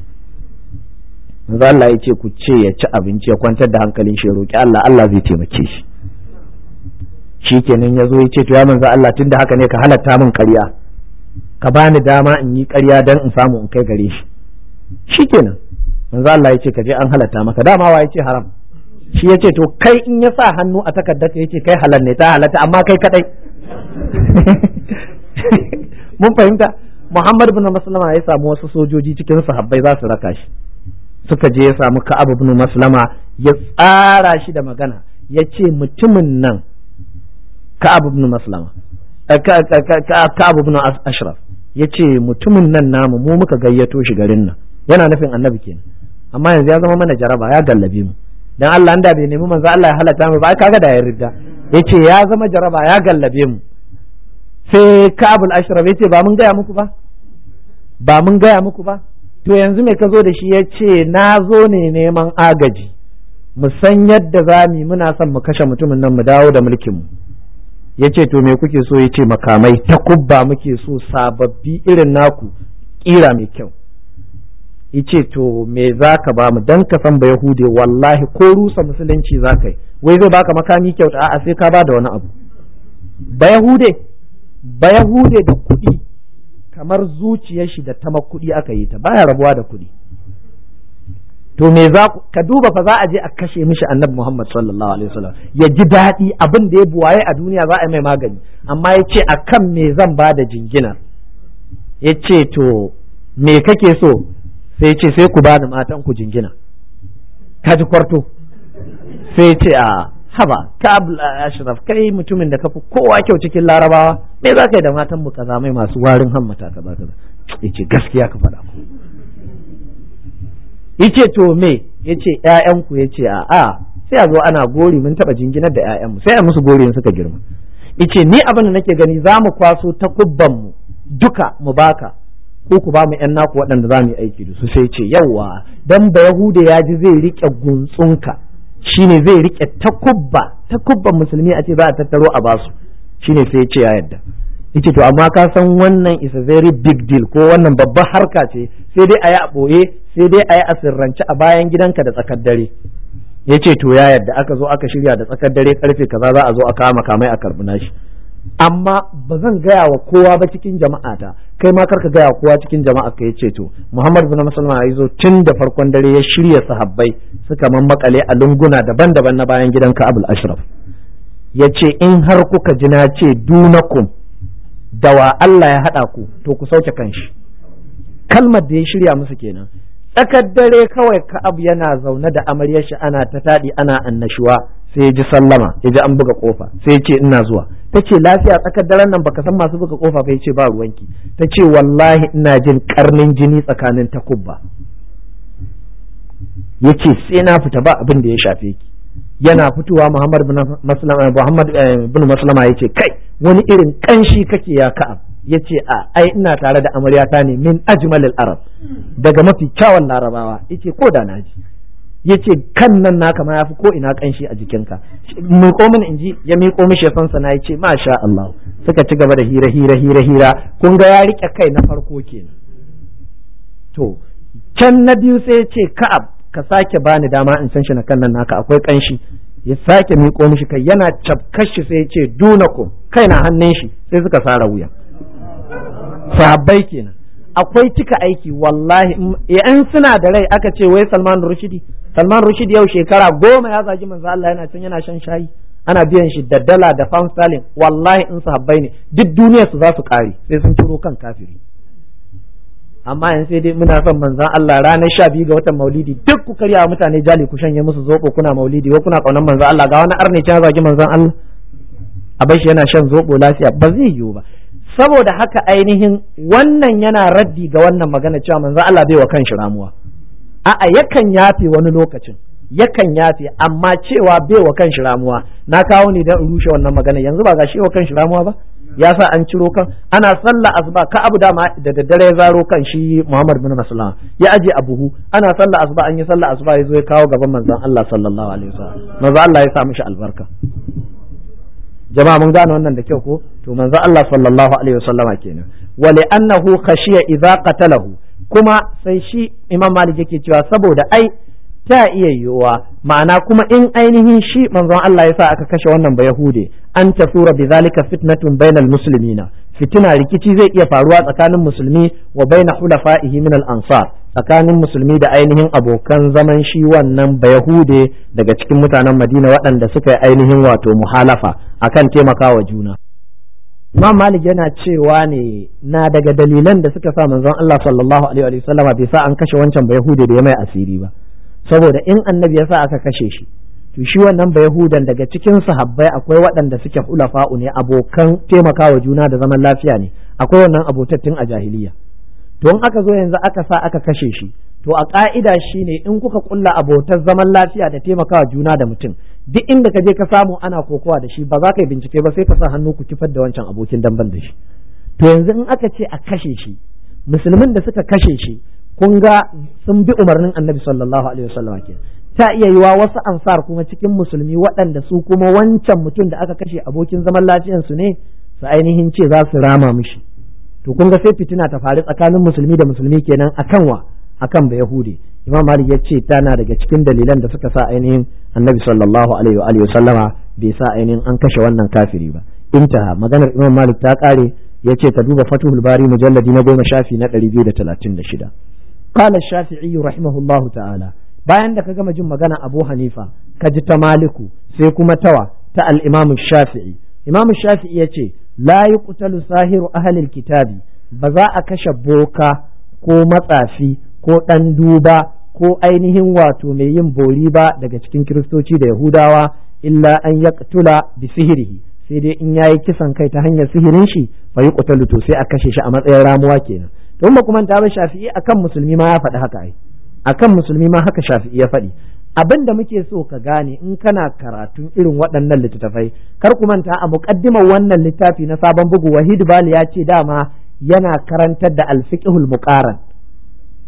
manzo Allah ya ce ku ce ya ci abinci ya kwantar da hankalin shi ya roki Allah Allah zai taimake shi shikenan ya zo ya ce to ya manzo Allah tunda haka ne ka halatta min ƙarya ka bani dama in yi ƙarya dan in samu in kai gare shi shikenan manzo Allah ya ce ka je an halatta maka dama wa ya ce haram shi ya ce to kai in ya sa hannu a takarda ya ce kai halal ne ta halatta amma kai kadai mun fahimta Muhammad bin Maslama ya samu wasu sojoji cikin sahabbai za su raka shi suka je ya samu Ka'ab bin Maslama ya tsara shi da magana ya ce mutumin nan ka'ab ibn maslama eh, ka'ab ibn ashraf yace mutumin nan namu mu muka gayyato shi garin nan yana nufin annabi kenan amma yanzu ya zama mana jaraba ya gallabe mu dan Allah da bai nemi manzo Allah ya halata mu ba kaga da ya ridda yace ya zama jaraba ya gallabe mu sai Ka'ab al-Ashraf yace ba mun gaya muku ba ba mun gaya muku ba to yanzu me ka zo da shi yace na zo ne neman agaji mu san yadda za muna son mu kashe mutumin nan mu dawo da mulkin mu ya ce to me kuke so ya ce makamai ta kubba muke so sababbi irin naku ƙira mai kyau ya ce to me za ka ba mu don ka san ba yahude wallahi ko rusa musulunci za ka yi wai zai baka makami kyau ta a sai ka ba da wani abu ba yahude ba yahude da kuɗi kamar zuciyar shi da ta kuɗi aka yi ta baya rabuwa da kuɗi to me za ka duba fa za a je a kashe mishi annabi Muhammad sallallahu alaihi wasallam ya ji daɗi abin da ya buwaye a duniya za a mai magani amma ya ce a kan me zan ba da jingina? ya ce to me kake so sai ce sai ku bani matan ku jingina ka ji kwarto sai ce a haba ka ashraf kai mutumin da kafi kowa kyau cikin larabawa me za ka da matan mu kaza mai masu warin hammata kaza kaza yace gaskiya ka faɗa yace to me yace ƴaƴan ku yace a a sai a zo ana gori mun taba jinginar da ƴaƴan mu sai a musu gori suka girma yace ni abin da nake gani za mu kwaso takubban mu duka mu baka ko ku ba mu ƴan naku waɗanda za mu yi aiki da su sai ce yawwa dan ba yahuda ya ji zai rike gunsunka shine zai rike takubba takubban musulmi a ce za a tattaro a basu shine sai ce ya yadda yace to amma ka san wannan is a very big deal ko wannan babbar harka ce sai dai a yi a ɓoye sai dai a yi asirrance a bayan gidanka da tsakar dare ya ce to ya yadda aka zo aka shirya da tsakar dare karfe kaza za a zo a kama kamai a karbi nashi amma ba zan gaya wa kowa ba cikin jama'a ta, kai ma karka gaya wa kowa cikin jama'a ka ya ce to Muhammad bin Musulman ya zo tun da farkon dare ya shirya sahabbai suka mammakale a lunguna daban-daban na bayan gidan abul Ashraf ya ce in har kuka ji na ce dunakum da wa Allah ya haɗa ku to ku sauke kanshi kalmar da ya shirya musu kenan tsakar dare kawai ka'ab yana zaune da amaryar shi ana ta taɗi ana annashuwa sai ya ji sallama ya ji an buga kofa sai ce ina zuwa ta ce lafiya tsakar daren nan baka san masu buga kofa ba ya ce ba ruwanki ta ce wallahi ina jin karnin jini tsakanin takubba ya ce sai na fita ba abin da ya shafe ki yana fitowa Muhammad bin eh, Maslama ya ce kai wani irin kanshi kake ya Ka'ab ya ce a ai ina tare da amaryata ne min ajmalil arab daga mafi kyawun larabawa ya ce ko da naji ya ce kan nan na kama ya fi ko ina kanshi a jikinka Miko min in ji ya miko mishi ya san na ya ce masha Allah suka ci gaba da hira hira hira hira kun ga ya riƙe kai na farko kenan to can na biyu sai ya ce ka'ab ka sake bani dama in san shi na kan nan naka akwai kanshi ya sake miko mishi kai yana cafkar shi sai ya ce ku. kai na hannun shi sai suka sara wuya sahabbai kenan akwai cika aiki wallahi in suna da rai aka ce wai Salman Rushdi Salman rushidi yau shekara goma ya zagi manzo Allah yana can yana shan shayi ana biyan shi da dala da pound sterling wallahi in sahabbai ne duk duniya su za su kare sai sun turo kan kafiri amma yanzu sai dai muna son manzon Allah ranar sha biyu ga watan maulidi duk ku karya mutane jali ku shanye musu zoɓo kuna maulidi ko kuna ƙaunar manzon Allah ga wani arne can zagi manzon Allah a shi yana shan zoɓo lafiya ba zai yiwu ba saboda haka ainihin wannan yana raddi ga wannan magana cewa manzo Allah bai wa kanshi ramuwa a'a yakan yafe wani lokacin yakan yafe amma cewa bai wa kanshi ramuwa na kawo ne don rushe wannan magana yanzu ba ga shi wa kanshi ramuwa ba ya sa an ciro kan ana sallah asuba ka abu dama da daddare ya zaro kan shi Muhammad bin Maslam ya aje a buhu ana sallah asuba an yi sallah asuba ya zo ya kawo gaban manzon Allah sallallahu alaihi wasallam manzon Allah ya sa mishi albarka jama'a mun gane wannan da kyau ko to manzo Allah sallallahu alaihi wasallama kenan wa annahu khashiya idza qatalahu kuma sai shi Imam Malik yake cewa saboda ai ta iya yiwuwa ma'ana kuma in ainihin shi manzon Allah ya sa aka kashe wannan ba an an tasura bizalika fitnatun bainal muslimina fitina rikici zai iya faruwa tsakanin musulmi wa baina hulafa'ihi min al-ansar tsakanin musulmi da ainihin abokan zaman shi wannan ba daga cikin mutanen Madina waɗanda suka yi ainihin wato muhalafa akan taimakawa juna Imam Malik yana cewa ne na daga dalilan da suka sa manzon Allah sallallahu alaihi wa sallam bai sa an kashe wancan ba da ya mai asiri ba saboda in annabi ya sa aka kashe shi to shi wannan ba Yahudan daga cikin sahabbai akwai waɗanda suke hulafa'u ne abokan taimakawa juna da zaman lafiya ne akwai wannan abotattun a jahiliya to in aka zo yanzu aka sa aka kashe shi to a ƙa'ida shine in kuka kulla abotar zaman lafiya da taimakawa juna da mutum duk inda ka je ka samu ana kokowa da shi ba za ka yi bincike ba sai ka sa hannu ku kifar da wancan abokin damban da shi to yanzu in aka ce a kashe shi musulmin da suka kashe shi kun ga sun bi umarnin annabi sallallahu alaihi wasallam ke ta iya yiwa wasu ansar kuma cikin musulmi waɗanda su kuma wancan mutum da aka kashe abokin zaman lafiyan su ne su ainihin ce za su rama mishi to kun ga sai fitina ta faru tsakanin musulmi da musulmi kenan akan wa akan ba yahudi imam malik ya ce tana daga cikin dalilan da suka sa ainihin annabi sallallahu alaihi wa sallama bai sa ainihin an kashe wannan kafiri ba intaha maganar imam malik ta kare yace ka duba fatuhul bari mujalladi na goma shafi na 236 qala shafi'i rahimahullahu ta'ala bayan da ka gama jin magana abu hanifa ka ji ta maliku sai kuma tawa ta al-imam shafi'i imam shafi'i yace la yuqtalu sahiru ahli kitabi ba za a kashe boka ko matsafi ko ɗan duba ko ainihin wato mai yin bori ba daga cikin kiristoci da yahudawa illa an tula bi sihirihi sai dai in yayi kisan kai ta hanyar sihirin shi fa yuqtalu to sai a kashe shi a matsayin ramuwa kenan don ba kuma ta ba shafi'i akan musulmi ma ya faɗi haka ai akan musulmi ma haka shafi'i ya faɗi abin da muke so ka gane in kana karatun irin waɗannan littattafai kar ku manta a muƙaddimar wannan littafi na sabon bugu wahid bali ya ce dama yana karantar da alfiqhul muqaran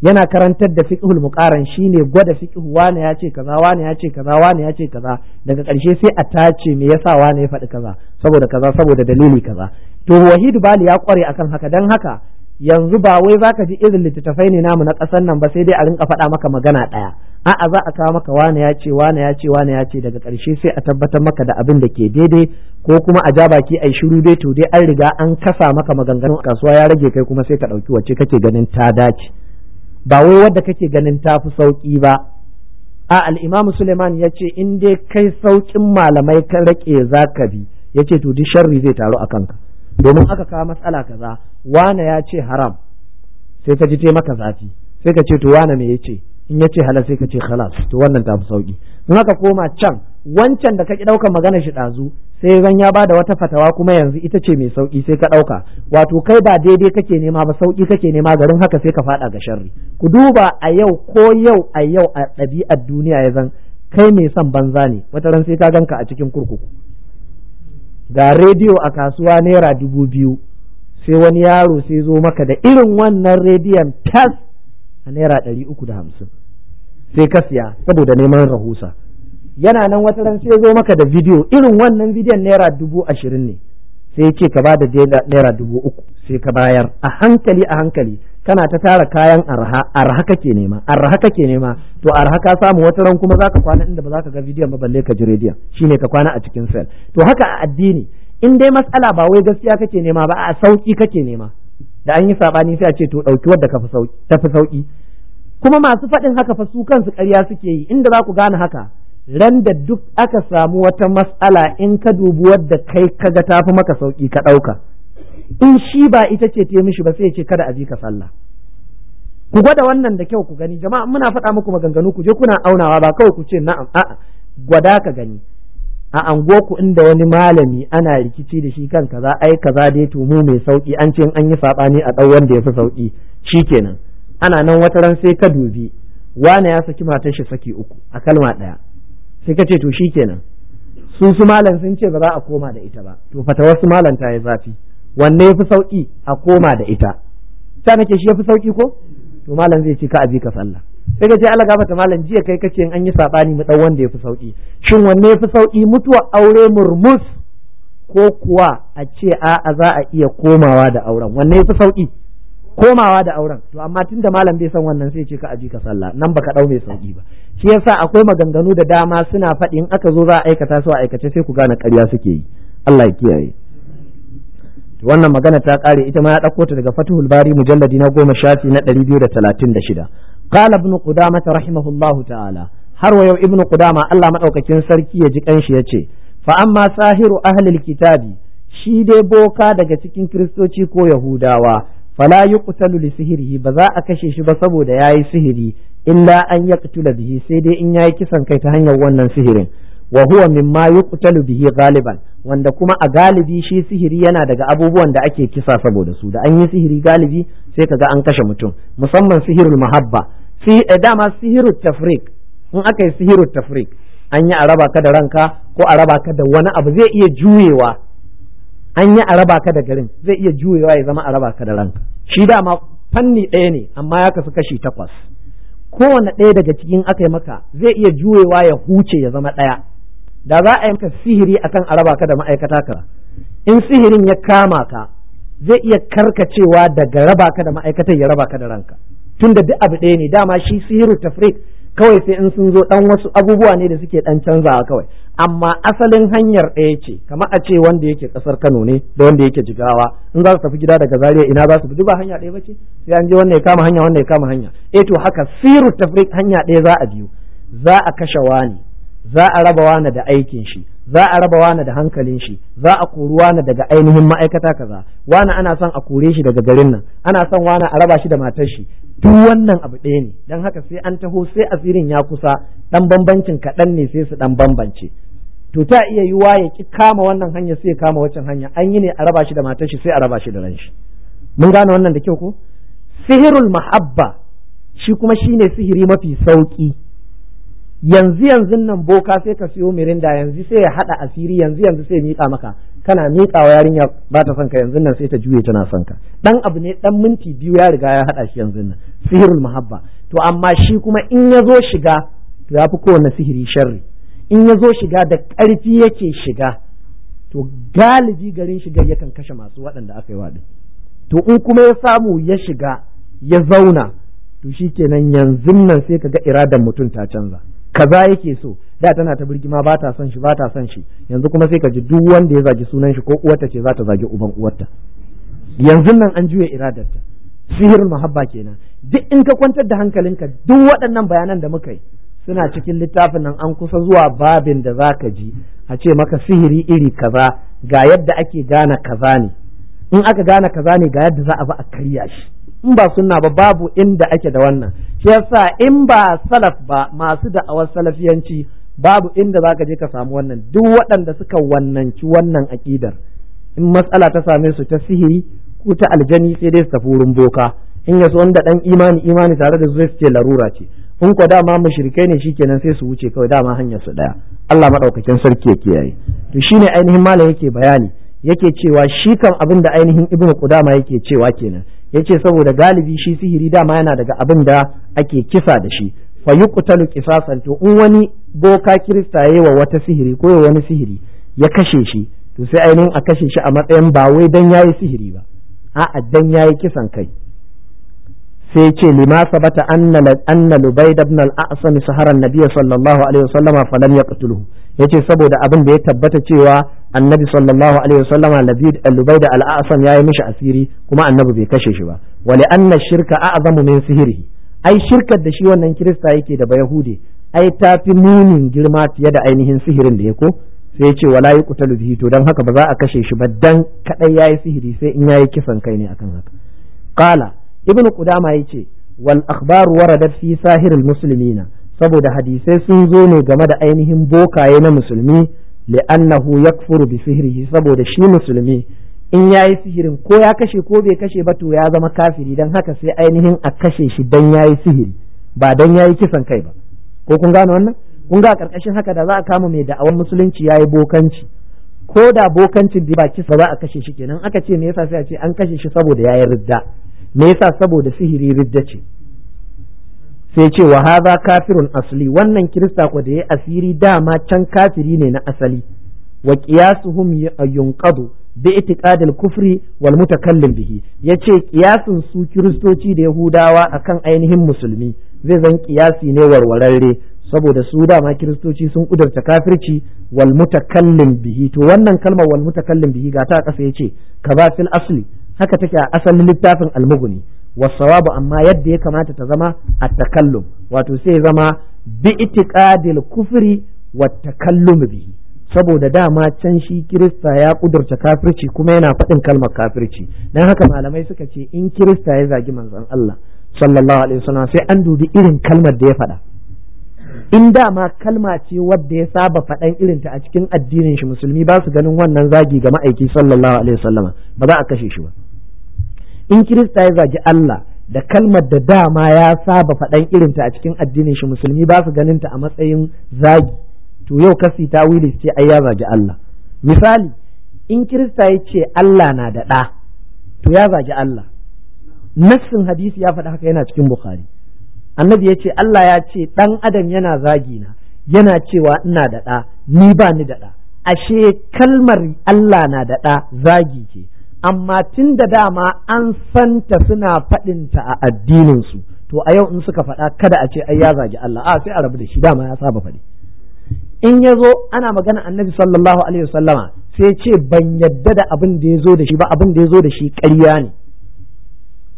yana karantar da fiqhul muqaran shine gwada fiqh wane ya ce kaza wane ya ce kaza wane ya ce kaza daga ƙarshe sai a tace me yasa wane ya faɗi kaza saboda kaza saboda dalili kaza to wahidu bali ya kware akan haka dan haka yanzu ba wai zaka ji irin littattafai ne namu na ƙasar nan ba sai dai a rinka faɗa maka magana ɗaya a'a za a kawo maka wane ya ce wane ya ce wane ya ce daga ƙarshe sai a tabbatar maka da abin da ke daidai ko kuma a ja baki a yi shiru dai to dai an riga an kasa maka maganganun kasuwa ya rage kai kuma sai ka ɗauki wacce kake ganin ta dace ba wai wadda kake ganin ta fi sauƙi ba a al'imamu suleiman ya ce in dai kai sauƙin malamai ka rake za ka bi ya ce to duk sharri zai taru a kanka domin aka kawo matsala kaza wane ya ce haram sai ka ji taimaka zafi sai ka ce to wane me ya ce in ya ce halal sai ka ce halas to wannan ta fi sauƙi in aka koma can wancan da ki ɗaukar magana shi ɗazu sai zan ya bada wata fatawa kuma yanzu ita ce mai sauki sai ka ɗauka wato kai ba daidai kake nema ba sauki kake nema garin haka sai ka faɗa ga sharri ku duba a yau ko yau a yau a ɗabi'ar duniya ya zan kai mai son banza ne wata ran sai ka ganka a cikin kurkuku ga rediyo a kasuwa naira dubu biyu sai wani yaro sai zo maka da irin wannan rediyon tas a naira ɗari uku da hamsin sai ka siya saboda neman rahusa yana nan wata ran sai zo maka da bidiyo irin wannan bidiyon naira dubu ashirin ne sai ce ka bada naira dubu uku sai ka bayar a hankali a hankali kana ta tara kayan arha arha kake nema arha kake nema to arha ka samu wata ran kuma zaka kwana inda ba zaka ga bidiyon ba balle ka ji rediyon shine ka kwana a cikin sel to haka a addini in dai matsala ba wai gaskiya kake nema ba a sauki kake nema da an yi sabani sai a ce to dauki wadda ka fi sauki tafi sauki kuma masu faɗin haka fa su kansu ƙarya suke yi inda za ku gane haka ran da duk aka samu wata matsala in ka dubi wadda kai kaga ta fi maka sauki ka ɗauka in shi ba ita ce ta mishi ba sai ce kada a ji ka sallah ku gwada wannan da kyau ku gani jama'a muna faɗa muku maganganu ku je kuna aunawa ba kawai ku ce na'am a'a gwada ka gani a angoku inda wani malami ana rikici da shi kan kaza ai kaza dai to mu mai sauki an ce an yi saɓani a ɗau wanda ya fi sauki shikenan ana nan wata ran sai ka dubi wane ya saki matar shi saki uku a kalma ɗaya sai ka ce to shi kenan su su malam sun ce ba za a koma da ita ba to fata wasu malam ta yi zafi wanne ya fi sauki a koma da ita ta nake shi ya fi sauƙi ko to malam zai ce ka abi ka sallah sai ka ce Allah gafarta malam jiya kai kace in an yi sabani mu ɗan wanda ya fi sauƙi shin wanne ya fi sauƙi mutuwa aure murmus ko kuwa a ce a za a iya komawa da auren wanne ya fi sauƙi komawa da auren to amma tunda malam bai san wannan sai ce ka aji ka sallah nan baka dau mai sauki ba shi yasa akwai maganganu da dama suna faɗi in aka zo za a aikata su a aikace sai ku gane ƙarya suke yi Allah ya kiyaye wannan magana ta kare ita ma ya dauko ta daga Fathul Bari mujalladi na goma shafi na ɗari biyu da talatin da shida qala ibn qudama rahimahullahu ta'ala har wa yau ibn qudama Allah madaukakin sarki ya ji kanshi yace fa amma sahiru ahlil kitabi shi dai boka daga cikin kristoci ko yahudawa fala yuqtalu li sihrihi ba za a kashe shi ba saboda yi sihiri illa an yaqtula bihi sai dai in yi kisan kai ta hanyar wannan sihirin wa huwa bihi galiban wanda kuma a galibi shi sihiri yana daga abubuwan da ake kisa saboda su da an yi sihiri galibi sai kaga an kashe mutum musamman sihirul mahabba eh, dama sihirul tafrik in aka yi sihirul tafrik an yi a raba ka da ranka ko a raba ka da wani abu zai iya juyewa an yi a raba ka da garin zai iya juyewa ya zama a raba ka da ranka shi dama fanni ɗaya ne amma ya kasu kashi takwas kowane ɗaya daga cikin aka yi maka zai iya juyewa ya huce ya zama ɗaya da za a yi maka sihiri akan a raba ka da ma'aikata ka in sihirin ya kama ka zai iya karkacewa daga raba ka da ma'aikatar ya raba ka da ranka tunda duk abu ɗaya ne dama shi sihiru tafrik kawai sai in sun zo dan wasu abubuwa ne da suke ɗan canzawa kawai amma asalin hanyar ɗaya ce kamar a ce wanda yake ƙasar Kano ne da wanda yake Jigawa in za su tafi gida daga Zaria ina za su bi ba hanya ɗaya bace sai an je wanda ya kama hanya wanda ya kama hanya eh to haka siru tafriq hanya ɗaya za a biyo za a kashe wani za a raba wani da aikin shi za a raba wani da hankalin shi za a kori wani daga ainihin ma'aikata kaza wani ana son a kore shi daga garin nan ana son wani a raba shi da matar shi duk wannan abu ɗaya ne don haka sai an taho sai asirin ya kusa Ɗan bambancin kaɗan ne sai su ɗan bambance to ta iya yiwa ya ki kama wannan hanya sai ya kama waccan hanya an yi ne a raba shi da matar shi sai a raba shi da ran shi mun gane wannan da kyau ko sihirul mahabba shi kuma shine sihiri mafi sauki yanzu yanzu nan boka sai ka siyo mirinda yanzu sai ya hada asiri yanzu yanzu sai miƙa maka kana mika wa yarinya ba ta son ka yanzu nan sai ta juye tana son ka dan abu ne dan minti biyu ya riga ya hada shi yanzu nan sihirul muhabba to amma shi kuma in ya zo shiga to ya fi sihiri sharri in ya zo shiga da ƙarfi yake shiga to galibi garin shiga yakan kashe masu waɗanda aka yi waɗin to in kuma ya samu ya shiga ya zauna to shi kenan yanzu nan sai ka ga iradan mutum ta canza kaza yake so da tana ta birgima ba ta son shi ba ta son shi yanzu kuma sai ka ji duk wanda ya zagi sunan shi ko uwarta ce za ta zagi uban uwarta yanzu nan an juya iradarta sihirin muhabba kenan duk in ka kwantar da hankalinka duk waɗannan bayanan da muka yi suna cikin littafin nan an kusa zuwa babin da za ka ji a ce maka sihiri iri kaza ga yadda ake gane kaza ne in aka gane kaza ne ga yadda za a bi a karya shi in ba sunna ba babu inda ake da wannan shi yasa in ba salaf ba masu da awar salafiyanci babu inda zaka je ka samu wannan duk waɗanda suka wannan ci wannan aƙidar in matsala ta same su ta sihiri ko ta aljani sai dai su tafi wurin boka in yaso wanda dan imani imani tare da zai ce larura ce in ko dama mushrikai ne shikenan sai su wuce kawai dama hanyar su daya Allah madaukakin sarki ya kiyaye to shine ainihin malam yake bayani yake cewa shi kan abin da ainihin ibnu qudama yake cewa kenan ya ce saboda galibi shi sihiri dama yana daga abin da ake kisa da shi fa yuqtalu qisasan to in wani boka kirista yayi wa wata sihiri ko wani sihiri ya kashe shi to sai ainihin a kashe shi a matsayin ba wai dan yayi sihiri ba a'a dan yayi kisan kai sai ce lima sabata anna anna lubayd ibn al-a'sam sahara nabiyyi sallallahu alaihi wasallama falam yaqtuluhu yace saboda abin da ya tabbata cewa annabi sallallahu alaihi wasallama lubayd al-a'sam yayi mishi asiri kuma annabi bai kashe shi ba wa li anna shirka a'zamu min sihiri ai shirkar da shi wannan kirista yake da bayahudi ai ta fi munin girma fiye da ainihin sihirin da ya ko sai ya ce wala kutalu bihi to dan haka ba za a kashe shi ba dan kadai yayi sihiri sai in yayi kisan kai ne akan haka qala ibnu qudama yace wal akhbar waradat fi sahiril muslimina saboda hadisai sun zo ne game da ainihin bokaye na musulmi li'annahu yakfuru bi sihrihi saboda shi musulmi in yayi sihirin ko ya kashe ko bai kashe ba to ya zama kafiri dan haka sai ainihin a kashe shi dan yayi sihiri ba dan yayi kisan kai ba ko kun gane wannan kun ga karkashin haka da za a kama mai awan musulunci ya yi bokanci ko da bokancin bai ba kisa za a kashe shi kenan aka ce me yasa sai a ce an kashe shi saboda ya yi ridda me yasa saboda sihiri ridda ce sai ce wa haza kafirun asli wannan kirista ko da ya asiri dama can kafiri ne na asali wa qiyasuhum yunqadu bi itiqadil kufri wal mutakallim bihi yace ƙiyasin su kiristoci da yahudawa akan ainihin musulmi zai zan ƙiyasi ne warwararre saboda su dama kiristoci sun kudurta kafirci wal mutakallim bihi to wannan kalmar wal mutakallim bihi ga ta kasa yace ka fil asli haka take a asalin littafin almuguni wasawabu amma yadda ya kamata ta zama a takallum wato sai zama bi itiqadil kufri wa takallum bihi saboda dama can shi kirista ya kudurta kafirci kuma yana faɗin kalmar kafirci dan haka malamai suka ce in kirista ya zagi manzon Allah sallallahu alaihi wasallam sai an dubi irin kalmar da ya faɗa in dama kalma ce wadda ya saba faɗan irinta a cikin addinin shi musulmi ba su ganin wannan zagi ga ma'aiki sallallahu alaihi wasallama ba za a kashe shi ba in kirista ya zagi Allah da kalmar da dama ya saba faɗan irinta a cikin addinin shi musulmi ba su ganin ta a matsayin zagi to yau kasi ta wili ce ai ya zagi Allah misali in kirista ya ce Allah na da ɗa to ya zagi Allah nassin hadisi ya faɗi haka yana cikin bukhari annabi ya ce Allah ya ce ɗan adam yana zagi na yana cewa ina da ɗa ni ba ni da ɗa ashe kalmar Allah na da ɗa zagi ke amma tun da dama an santa suna faɗinta a addininsu to a yau in suka faɗa kada a ce ai ya zagi Allah a sai a rabu da shi dama ya saba faɗi in ya zo ana magana annabi sallallahu alaihi wasallama sai ce ban yadda da abin da ya zo da shi ba abin da ya zo da shi ƙarya ne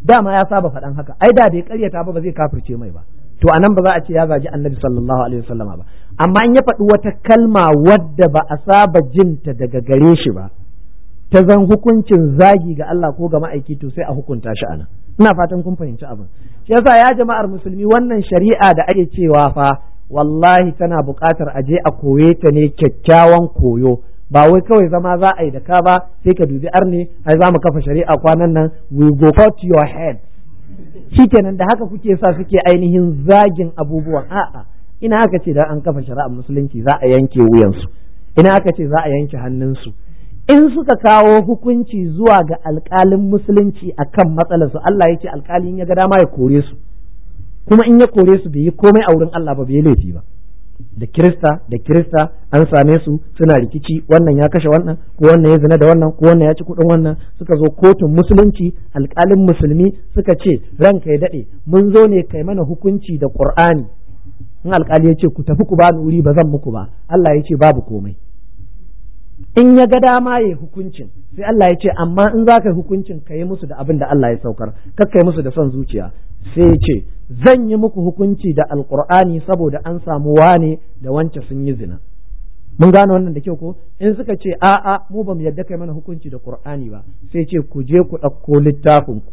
dama ya saba faɗan haka ai da bai ƙaryata ba ba zai kafirce mai ba to anan ba za a ce ya zagi annabi sallallahu alaihi wasallama ba amma in ya faɗi wata kalma wadda ba a saba jinta daga gare shi ba ta zan hukuncin zagi ga Allah ko ga ma'aiki to sai a hukunta shi anan ina fatan kun fahimci abin shi yasa ya jama'ar musulmi wannan shari'a da ake cewa fa wallahi tana buƙatar a je a koye ta ne kyakkyawan koyo ba wai kawai zama za a yi da ka ba sai ka dubi arne ai za mu kafa shari'a kwanan nan we go cut your head shikenan da haka kuke sa suke ainihin zagin abubuwan a'a ina aka ce da an kafa shari'ar musulunci za a yanke wuyansu ina aka ce za a yanke hannunsu in suka kawo hukunci zuwa ga alƙalin musulunci akan matsalarsu Allah ya ce alƙalin ya ga dama ya kore su kuma in ya kore su bai yi komai a wurin Allah ba bai laifi ba da kirista da kirista an same su suna rikici wannan ya kashe wannan ko wannan ya zina da wannan ko wannan ya ci kudin wannan suka zo kotun musulunci alƙalin musulmi suka ce ranka ya daɗe mun zo ne kai mana hukunci da qur'ani in alƙali ya ce ku tafi ku bani wuri ba zan muku ba Allah ya ce babu komai in ya ga dama ya hukuncin sai Allah ya ce amma in za ka hukuncin ka yi musu da abin da Allah ya saukar kar ka yi musu da son zuciya sai ya ce zan yi muku hukunci da alkur'ani saboda an samu wane da wance sun yi zina mun gane wannan da kyau ko in suka ce a'a mu bamu yadda kai mana hukunci da kur'ani ba sai ce ku je ku ɗauko littafin ku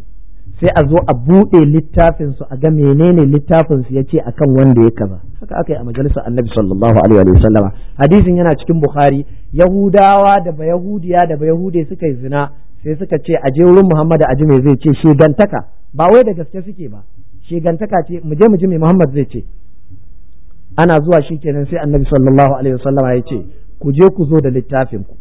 sai a zo a buɗe littafin su a ga menene littafin su yace akan wanda ya kaza haka aka yi a majalisar annabi sallallahu alaihi wa sallama hadisin yana cikin bukhari yahudawa da ba yahudiya da ba yahude suka yi zina sai suka ce a je wurin muhammad ji me zai ce shegantaka ba wai da gaske suke ba shegantaka ce mu je mu ji mai muhammad zai ce ana zuwa shi kenan sai annabi sallallahu alaihi wasallama ya ce ku je ku zo da littafin ku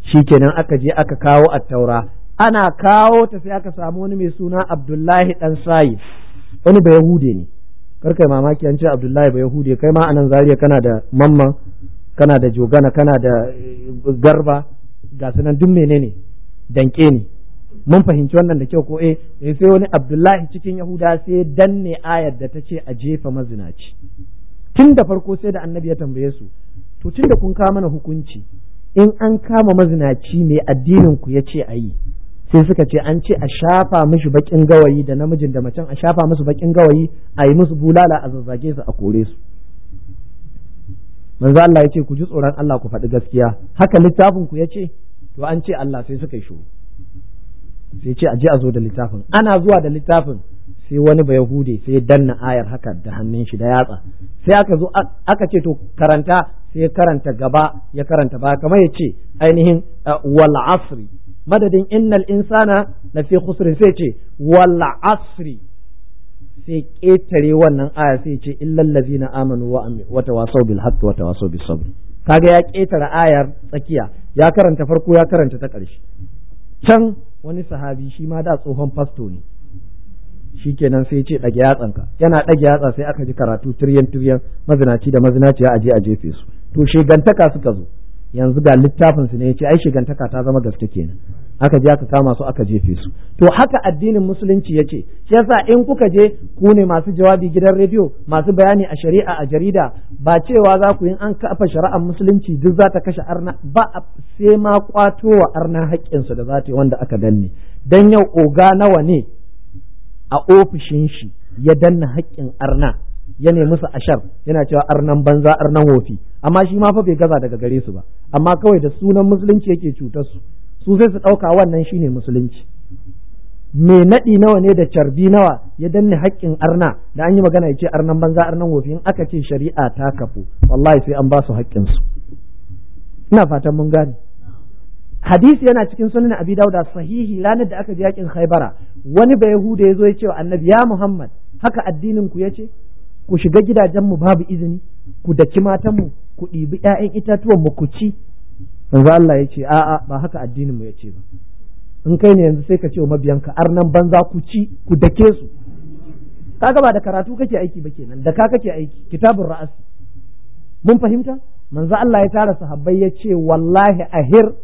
shikenan aka je aka kawo attaura ana kawo ta sai aka samu wani mai suna abdullahi dan sayi wani ba yahude ne karkai mamaki an ce abdullahi ba yahude kai ma anan zariya kana da mamman kana da jogana kana da eh, garba ga sunan duk menene danke ne mun fahimci wannan da kyau ko eh, eh sai wani abdullahi cikin yahuda sai danne ayar da ta ce a jefa mazinaci tun da farko sai da annabi ya tambaye su to tun da kun kawo mana hukunci in an kama mazinaci mai addinin ku ya ce a yi sai suka ce an ce a shafa mishi bakin gawayi da namijin da macen a shafa musu bakin gawayi a yi musu bulala a zazzage su a kore su manzo Allah yace ku ji tsoron Allah ku faɗi gaskiya haka littafin ku yace to an ce Allah sai suka yi shiru sai ce aje a zo da littafin ana zuwa da littafin sai wani ba yahude sai ya danna ayar haka da hannun shi da yatsa sai aka zo aka ce to karanta sai ya karanta gaba ya karanta ba kamar ya ce ainihin uh, wal asri madadin innal insana na fi khusrin sai ce wal asri sai ƙetare wannan aya sai ce illal ladzina amanu wa wa tawasaw bil haqqi wa tawasaw bis sabr kaga ya ƙetare ayar tsakiya ya karanta farko ya karanta ta ƙarshe can wani sahabi shi ma da tsohon fasto ne shikenan sai ce ɗage yatsanka yana ɗage yatsa sai aka ji karatu tiryan tiryan mazinaci da mazinaci a je a jefe su to shegantaka suka zo yanzu ga littafin su ne ya ce ai shegantaka ta zama gaske kenan aka je aka kama su aka jefe su to haka addinin musulunci yace shi yasa in kuka je ku ne masu jawabi gidan rediyo masu bayani a shari'a a jarida ba cewa za ku yi an kafa shari'ar musulunci duk za ta kashe arna ba sai ma kwatowa wa haƙƙin su da za ta wanda aka danne dan yau oga nawa ne a ofishin shi ya danna haƙƙin arna ya nemi su ashar yana cewa arnan banza arnan wofi amma shi ma fa bai gaza daga gare su ba amma kawai da sunan musulunci yake cutar su su sai su ɗauka wannan shine musulunci me naɗi nawa ne da carbi nawa ya danne haƙƙin arna da an yi magana ya ce arnan banza arnan wofi in aka ce shari'a ta kafu wallahi sai an ba su haƙƙinsu ina fatan mun gane hadisi yana cikin sunan abi dauda sahihi ranar da aka ji yakin haibara wani bai yahuda ya zo ya ce wa annabi ya muhammad haka addinin ku ce ku shiga gidajen mu babu izini ku daki matan mu ku ɗibi yayan itatuwan mu ku ci Yanzu Allah ya ce a'a ba haka addinin mu ce ba in kai ne yanzu sai ka ce wa mabiyanka arnan banza ku ci ku dake su kaga ba da karatu kake aiki ba kenan da ka kake aiki kitabun ra'as mun fahimta manzo Allah ya tara sahabbai ya ce wallahi ahir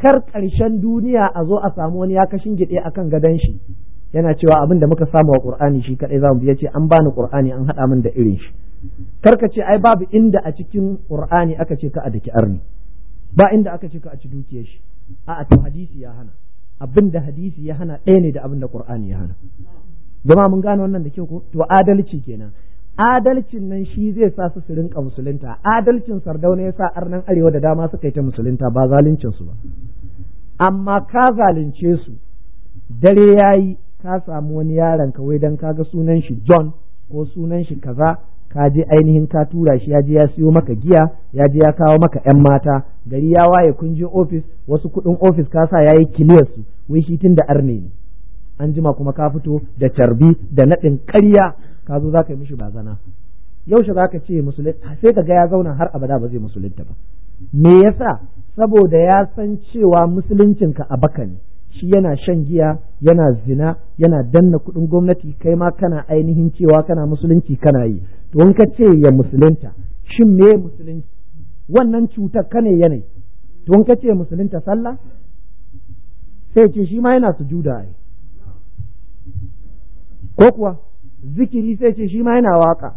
kar karshen duniya a zo a samu wani ya kashin gide akan gadon shi yana cewa abin da muka samu wa Qur'ani shi kadai zamu biya ce an bani Qur'ani an hada min da irin shi karka ce ai babu inda a cikin Qur'ani aka ce ka a daki arni ba inda aka cika ka a ci dukiyar shi a to hadisi ya hana abin da hadisi ya hana ɗaya ne da abin da qur'ani ya hana jama'a mun gane wannan da kyau ko to adalci kenan adalcin nan shi zai sa su su rinka musulunta adalcin sardauna ya sa arnan arewa da dama suka yi ta musulunta ba zaluncin su ba amma ka zalunce su dare yayi ka samu wani yaron ka wai dan ga sunan shi John ko sunan shi kaza ka je ainihin ka tura shi ya je ya siyo maka giya ya je ya kawo maka yan mata gari ya waye kun je ofis wasu kuɗin ofis ka sa yayi kiliyar su wai shi tun da arne ne an jima kuma ka fito da carbi da naɗin ƙarya ka zo za ka yi mishi bazana yaushe za ka ce musulun sai ka ga ya zauna har abada ba zai musulunta ba me yasa saboda ya san cewa musuluncinka a baka ne shi yana shan giya yana zina yana danna kuɗin gwamnati kai ma kana ainihin cewa kana musulunci kana yi don ka ce ya musulunta shin me musulunci wannan cutar ka ne yanayi don ka ce musulunta sallah sai ce shi ma yana sujuda ai ko kuwa zikiri sai ce shi ma yana waka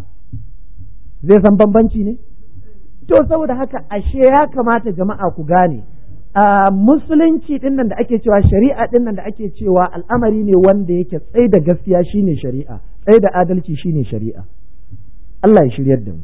zai san bambanci ne to saboda haka ashe ya kamata jama'a ku gane a musulunci din nan da ake cewa shari'a din nan da ake cewa al'amari ne wanda yake tsaye da gaskiya shine shari'a tsaye da adalci shine shari'a Allah ya shiryar da mu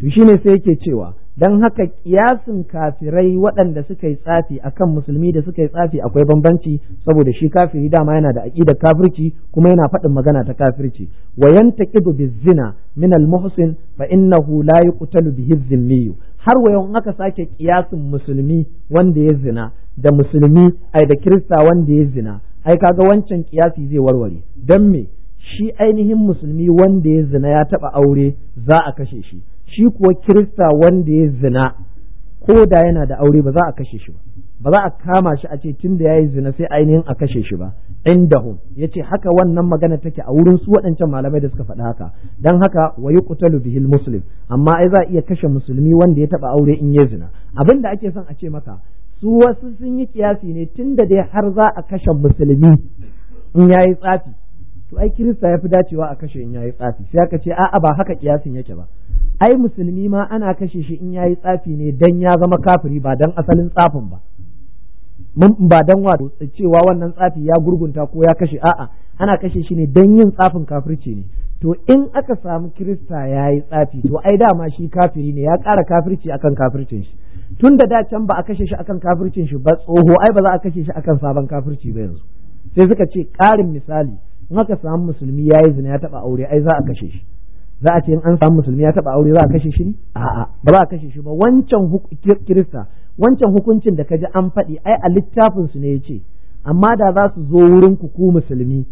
to shi ne sai yake cewa don haka kiyasin kafirai waɗanda suka yi tsafi kan musulmi da suka yi tsafi akwai bambanci saboda shi kafiri dama yana da aƙidar kafirci kuma yana faɗin magana ta kafirci wa yantaqidu bizina min almuhsin fa innahu la yuqtalu bihi har wa in aka sake kiyasin musulmi wanda ya zina da musulmi ai da kirista wanda ya zina ai kaga wancan kiyasi zai warware dan me shi ainihin musulmi wanda ya zina ya taba aure za a kashe shi shi kuwa kirista wanda ya zina ko da yana da aure ba za a kashe shi ba ba za a kama shi a ce tun da ya yi zina sai ainihin a kashe shi ba ya ce haka wannan magana take a wurin su waɗancan malamai da suka faɗi haka dan haka wa kutalu bihil muslim amma ai za a iya kashe musulmi wanda ya taba aure in ya zina abin da ake son a ce maka su wasu sun yi kiyasi ne tun da dai har za a kashe musulmi in yayi tsafi to ai kirista ya fi dacewa a kashe in yayi tsafi sai aka ce a'a ba haka kiyasin yake ba ai musulmi ma ana kashe shi in yayi tsafi ne dan ya zama kafiri ba dan asalin tsafin ba mun ba dan wato cewa wannan tsafi ya gurgunta ko ya kashe a'a ana kashe shi ne dan yin tsafin kafirci ne to in aka samu kirista yayi tsafi to ai dama shi kafiri ne ya ƙara kafirci akan kafircin shi tun da da can ba a kashe shi akan kafircin shi ba tsoho ai ba za a kashe shi akan sabon kafirci ba yanzu sai suka ce ƙarin misali in aka samu musulmi ya yi zina ya taɓa aure ai za a kashe shi za a ce in an samu musulmi ya taɓa aure za a kashe shi ne a'a ba za a kashe shi ba wancan kirista wancan hukuncin da ka ji an faɗi ai a littafin su ne yace amma da za su zo wurin ku ku musulmi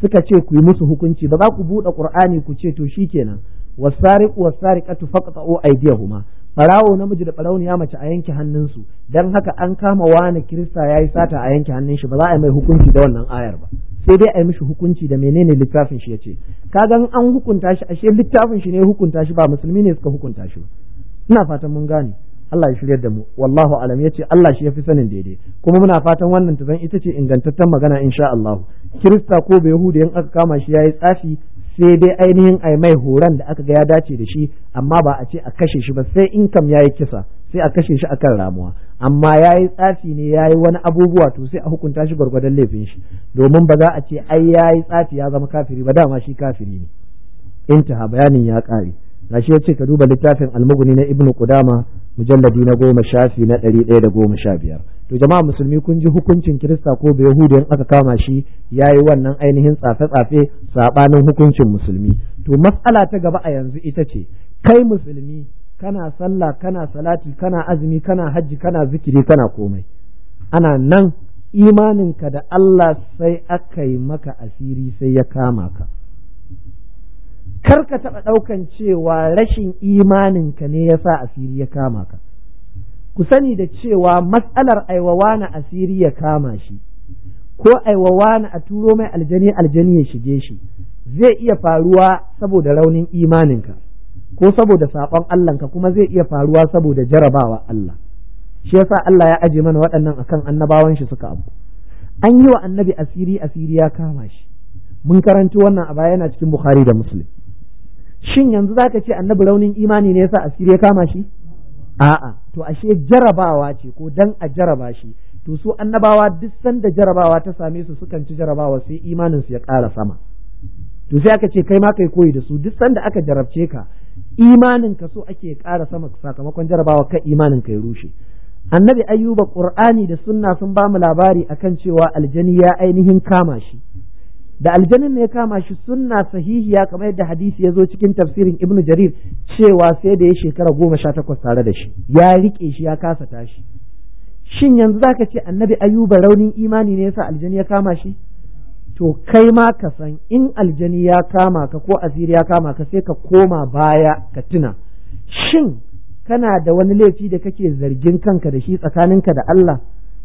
suka ce ku yi musu hukunci ba za ku buɗe qur'ani ku ce to shikenan wasariq wasariqatu faqta'u aydiyahuma farawo namiji da ya mace a yanke hannunsu dan haka an kama wani kirista ya yi sata a yanke hannun shi ba za a yi mai hukunci da wannan ayar ba sai dai a yi mishi hukunci da menene littafin shi yace kaga gan an hukunta shi ashe littafin shi ne hukunta shi ba musulmi ne suka hukunta shi ina fatan mun gane Allah ya shirya da mu wallahu alam yace Allah shi yafi sanin daidai kuma muna fatan wannan ta zan ita ce ingantaccen magana insha Allah kirista ko bai yahudi in aka kama shi yayi tsafi sai dai ainihin ai mai horon da aka ga ya dace da shi amma ba a ce a kashe shi ba sai in kam yayi kisa sai a kashe shi akan ramuwa amma yayi tsafi ne ya yi wani abubuwa to sai a hukunta shi gwargwadon laifin shi domin ba za a ce ai ya tsafi ya zama kafiri ba dama shi kafiri ne intaha bayanin ya kare gashi ya ce ka duba littafin almuguni na ibnu qudama mujalladi na goma shafi na ɗari ɗaya da goma sha biyar to jama'a musulmi kun ji hukuncin kirista ko bai in aka kama shi ya yi wannan ainihin tsafe-tsafe saɓanin hukuncin musulmi to matsala ta gaba a yanzu ita ce kai musulmi kana sallah kana salati kana azumi kana hajji kana zikiri kana komai ana nan imaninka da Allah sai aka yi maka asiri sai ya kama ka kar ka taɓa ɗaukan cewa rashin imaninka ne ya sa asiri ya kama ka ku sani da cewa matsalar aiwawa na asiri ya kama shi ko aiwawa na a turo mai aljani aljani ya shige shi zai iya faruwa saboda raunin imaninka ko saboda saƙon Allah ka kuma zai iya faruwa saboda jarabawa Allah shi yasa Allah ya aje mana waɗannan akan annabawan shi suka abu an yi wa annabi asiri asiri ya kama shi mun karanci wannan a baya yana cikin Bukhari da Muslim shin yanzu zaka ce annabi raunin imani ne yasa asiri ya kama shi a'a to ashe jarabawa ce ko dan a jaraba shi to su annabawa duk sanda jarabawa ta same su sukan ci jarabawa sai imanin su ya ƙara sama to sai aka ce kai ma kai koyi da su duk sanda aka jarabce ka imanin ka so ake ƙara sama sakamakon jarabawa kai imanin ka ya rushe annabi ayyuba qur'ani da sunna sun ba mu labari akan cewa aljani ya ainihin kama shi da aljanin ne ya kama shi sunna sahihiya kamar yadda hadisi ya zo cikin tafsirin ibnu jarir cewa sai da ya shekara goma sha takwas tare da shi ya rike shi ya kasa tashi shin yanzu zaka ce annabi ayuba raunin imani ne yasa aljani ya kama shi to kai ma ka san in aljani ya kama ka ko asiri ya kama ka sai ka koma baya ka tuna shin kana da wani laifi da kake zargin kanka da shi tsakaninka da Allah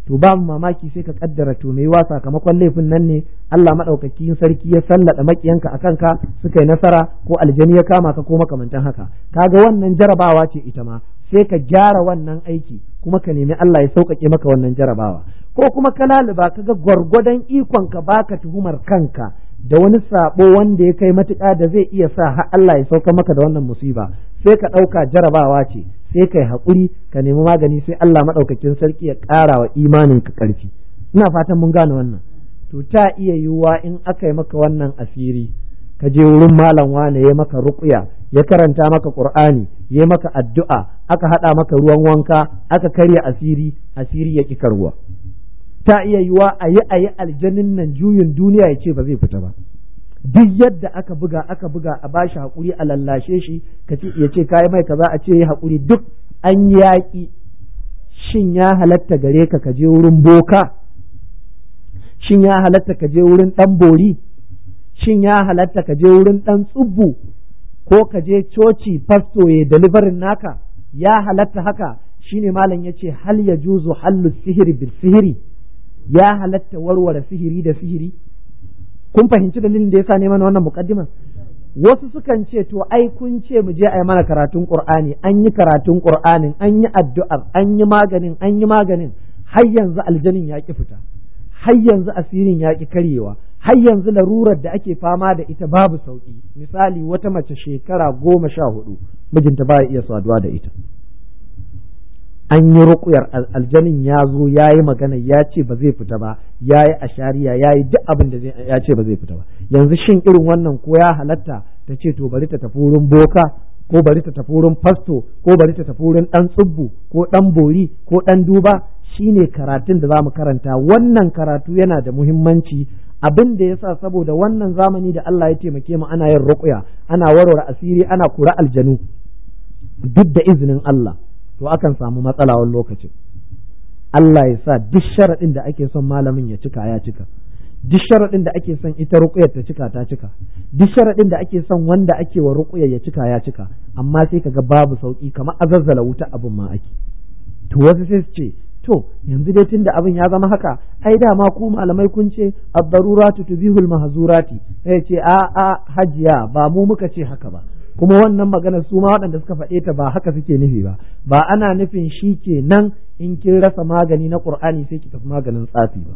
to ba mamaki sai ka kaddara to mai wa sakamakon laifin nan ne Allah madaukakin sarki ya sallada makiyanka akan ka suka yi nasara ko aljani ya kama ka ko makamantan haka kaga wannan jarabawa ce ita ma sai ka gyara wannan aiki kuma ka nemi Allah ya sauƙaƙe maka wannan jarabawa ko kuma ka laluba kaga gwargwadon ikon ka baka tuhumar kanka da wani sabo wanda ya kai matuƙa da zai iya sa har Allah ya sauka maka da wannan musiba sai ka ɗauka jarabawa ce sai ka yi haƙuri ka nemi magani sai Allah maɗaukakin sarki ya ƙara wa imanin ka ƙarfi ina fatan mun gane wannan to ta iya yiwuwa in aka yi maka wannan asiri ka je wurin malam wane ya maka ruƙuya ya karanta maka qur'ani ya maka addu'a aka haɗa maka ruwan wanka aka karya asiri asiri ya ƙi karuwa ta iya yiwa a yi a yi aljanin nan juyin duniya ya ce ba zai fita ba duk yadda aka buga aka buga a bashi hakuri a lallashe shi ka ce ya ce kai mai kaza a ce ya hakuri duk an yaƙi shin ya halatta gare ka ka je wurin boka shin ya halatta ka je wurin ɗan bori shin ya halatta ka je wurin ɗan tsubbu ko ka je coci fasto ya dalibarin naka ya halatta haka shine malam ya ce hal ya juzu hallu sihiri bil sihiri ya halatta warware sihiri da sihiri kun fahimci dalilin da yasa ne mana wannan mukaddima wasu sukan ce to ai kun ce mu je a yi mana karatun qur'ani an yi karatun qur'anin an yi addu'ar an yi maganin an yi maganin har yanzu aljanin ya ki fita har yanzu asirin ya ki karyewa har yanzu larurar da ake fama da ita babu sauki misali wata mace shekara goma sha hudu mijinta ba iya saduwa da ita an yi rukuyar aljanin ya zo ya yi magana ya ce ba zai fita ba ya yi ashariya ya yi duk abin da ya ce ba zai fita ba yanzu shin irin wannan ko ya halatta ta ce to bari ta tafi wurin boka ko bari ta tafi wurin fasto ko bari ta tafi wurin dan tsubbu ko dan bori ko dan duba shine karatun da za mu karanta wannan karatu yana da muhimmanci abin da ya sa saboda wannan zamani da Allah ya taimake mu ana yin ruqya ana warware asiri ana kura aljanu duk da izinin Allah to akan samu matsala wani lokacin Allah ya sa duk sharaɗin da ake son malamin ya cika ya cika duk sharaɗin da ake son ita ruqyar ta cika ta cika duk sharaɗin da ake son wanda ake wa ruqyar ya cika ya cika amma sai kaga babu sauki kamar azazzala wuta abin ma ake to wasu sai su ce to yanzu dai tunda abin ya zama haka ai da ma ku malamai kun ce ad-daruratu bihul mahzurati sai ce a a hajiya ba mu muka ce haka ba kuma wannan magana su ma waɗanda suka faɗe ta ba haka suke nufi ba ba ana nufin shi ke nan in kin rasa magani na Qur'ani sai ki tafi maganin tsafi ba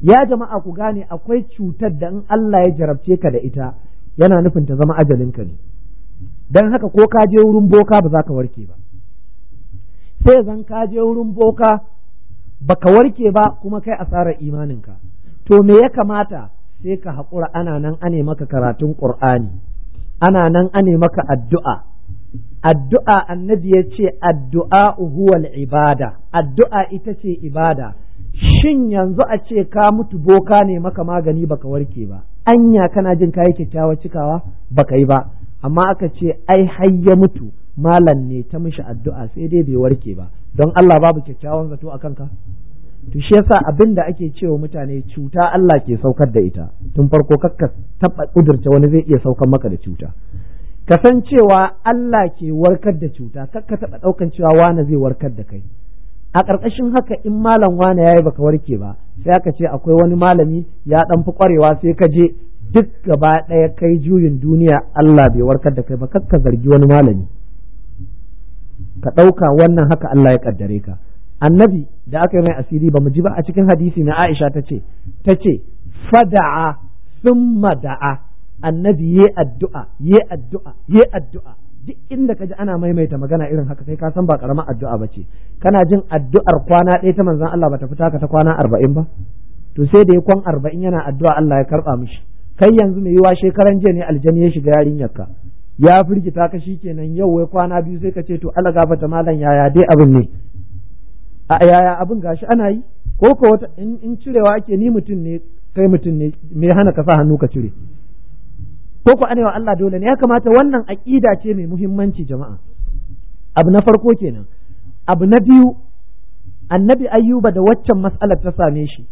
ya jama'a ku gane akwai cutar da in Allah ya jarabce ka da ita yana nufin ta zama ajalin ka ne dan haka ko ka je wurin boka ba za ka warke ba sai zan kaje wurin boka baka warke ba kuma kai asarar imaninka to me ya kamata sai ka haƙura ana nan ane maka karatun ƙur'ani ana nan ane maka addu'a addu'a annabi ya ce addu'a huwal ibada addu'a ita ce ibada shin yanzu a ce ka mutu boka ne maka magani baka warke ba anya kana jin kayi kyakkyawa cikawa baka yi ba amma aka ce ai har ya mutu malam ne ta mishi addu'a sai dai bai warke ba don Allah babu kyakkyawan zato a kanka to shi yasa abin da ake cewa mutane cuta Allah ke saukar da ita tun farko kakka taba kudurta wani zai iya saukar maka da cuta kasancewa Allah ke warkar da cuta kakka taba ɗaukan cewa wani zai warkar da kai a ƙarƙashin haka in malam wani yayi baka warke ba sai aka ce akwai wani malami ya dan fi kwarewa sai ka je duk gaba ɗaya kai juyin duniya Allah bai warkar da kai ba kakka zargi wani malami ka ɗauka wannan haka Allah ya kaddare ka annabi da aka yi mai asiri ba mu ji ba a cikin hadisi na Aisha ta ce ta ce fada'a sun da'a annabi ye addu'a ye addu'a ye addu'a duk inda ka ji ana maimaita magana irin haka kai ka san ba karamar addu'a ba ce kana jin addu'ar kwana ɗaya ta manzan Allah ba ta fita ka ta kwana arba'in ba to sai da ya kwan arba'in yana addu'a Allah ya karɓa mishi kai yanzu mai yiwa shekaran jiya ne aljani ya shiga yarinyarka ya firgita ka kenan yau wai kwana biyu sai ka ce to Allah ta malam yaya dai abin ne a yaya abin gashi ana yi ko ko wata in cirewa ake ni mutum ne kai mutum ne me hana ka sa hannu ka cire ko ko anewa Allah dole ne ya kamata wannan aqida ce mai muhimmanci jama'a abu na farko kenan abu na biyu annabi ayyuba da waccan mas'alar ta same shi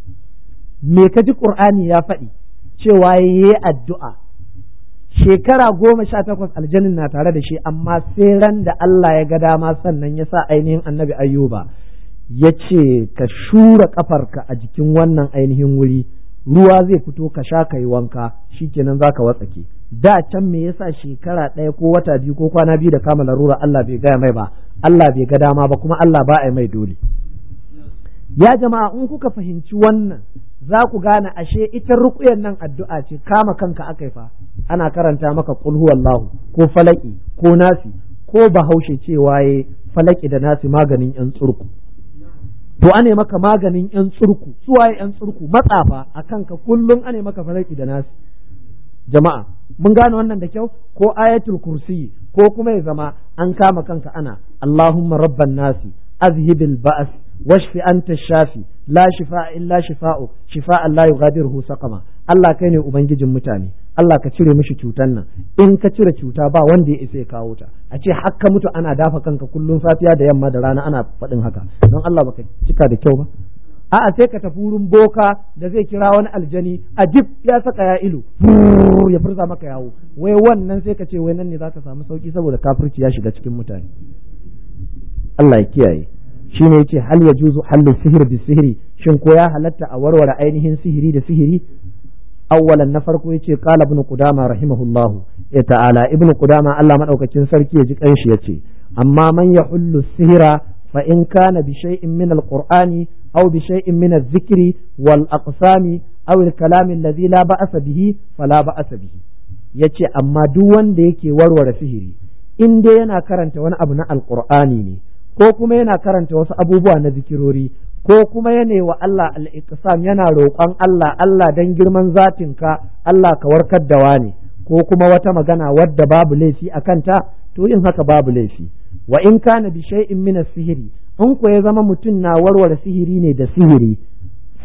me ka ji qur'ani ya faɗi cewa yayi addu'a shekara goma sha takwas aljanin na tare da shi amma sai ran da Allah ya ga dama sannan ya sa ainihin annabi ayyuba ya ce ka shura kafarka a jikin wannan ainihin wuri ruwa zai fito ka sha ka yi wanka shikenan za ka watsake da can me yasa shekara ɗaya ko wata biyu ko kwana biyu da kama larura Allah bai gaya mai ba Allah bai ga dama ba kuma Allah ba a mai dole ya jama'a in kuka fahimci wannan za ku gane ashe ita ruƙuyan nan addu'a ce kama kanka aka yi fa ana karanta maka kul huwallahu ko falaki ko nasi ko bahaushe cewa waye falaki da nasi maganin yan tsurku to ane maka maganin yan tsurku suwaye yan tsurku matsafa a kanka kullum ane maka falaki da nasi jama'a mun gane wannan da kyau ko ayatul kursi ko kuma ya zama an kama kanka ana allahumma rabban nasi azhibil ba'as washfi anta shafi la shifa illa shifa'u shifa'an la yughadiruhu saqama Allah kai ne ubangijin mutane Allah ka cire mishi cutan nan in ka cire cuta ba wanda ya isa ya kawo ta a ce ka mutu ana dafa kanka kullum safiya da yamma da rana ana faɗin haka don Allah baka cika da kyau ba a'a sai ka tafi wurin boka da zai kira wani aljani a jib ya saka ya ilu ya furza maka yawo wai wannan sai ka ce wai nan ne za ka samu sauki saboda kafirci ya shiga cikin mutane Allah ya kiyaye shine yace hal juzu hallu sihir bi sihiri shin ko ya halatta a warware ainihin sihiri da sihiri awwalan na farko yace qala ibn qudama rahimahullahu ya ta'ala ibn qudama Allah madaukakin sarki ya ji kanshi yace amma man yahullu sihira fa in kana bi shay'in min al-qur'ani aw bi shay'in min adh-dhikri wal aqsami aw al-kalami alladhi la ba'asa bihi fala ba'asa bihi yace amma duk wanda yake warware sihiri in dai yana karanta wani abu na alqur'ani ne ko kuma yana karanta wasu abubuwa na zikirori ko kuma yana wa Allah al-iqsam yana roƙon Allah Allah dan girman zatinka Allah ka warkar da ne, ko kuma wata magana wadda babu laifi a kanta to yin haka babu laifi wa in kana bi shay'in min sihiri in ko ya zama mutum na warware sihiri ne da sihiri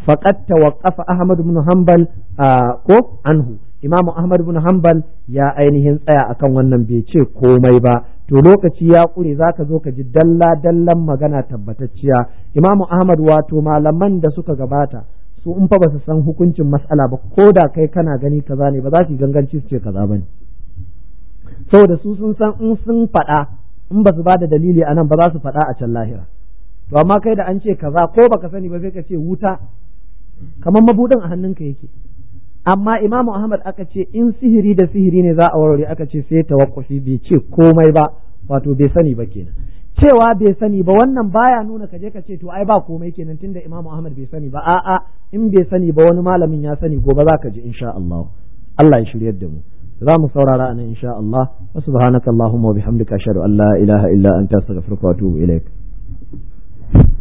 faqad tawaqqafa Ahmad ibn Hanbal ah, ko anhu imamu ahmad bin hanbal ya ainihin tsaya akan wannan bai ce komai ba to lokaci ya kure za ka zo ka ji dalla dallan magana tabbatacciya imamu ahmad wato malaman da suka gabata su in fa ba su san hukuncin mas'ala ba ko da kai kana gani kaza ne ba za su ganganci su ce kaza ba ne saboda su sun san in sun faɗa in ba su ba da dalili a nan ba za su faɗa a can lahira to amma kai da an ce kaza ko baka sani ba sai ka ce wuta kamar mabudin a hannunka yake amma imamu ahmad aka ce in sihiri da sihiri ne za a warware aka ce sai tawakkufi bai ce komai ba wato bai sani ba kenan cewa bai sani ba wannan baya nuna kaje ka ce to ai ba komai kenan tunda imamu ahmad bai sani ba a'a in bai sani ba wani malamin ya sani gobe za ka ji insha Allah Allah ya shiryar da mu za mu saurara anan insha Allah wa subhanakallahumma wa bihamdika ashhadu an la ilaha illa anta astaghfiruka wa atubu ilaik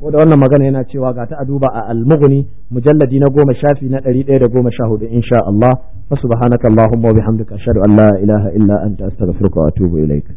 ko da wannan magana yana cewa ga ta a duba a almughni mujalladi na goma shafi na ɗari ɗaya da goma sha hudu insha Allah wa subhanaka Allahumma wa bihamdika ashhadu an la ilaha illa anta astaghfiruka wa atubu ilaik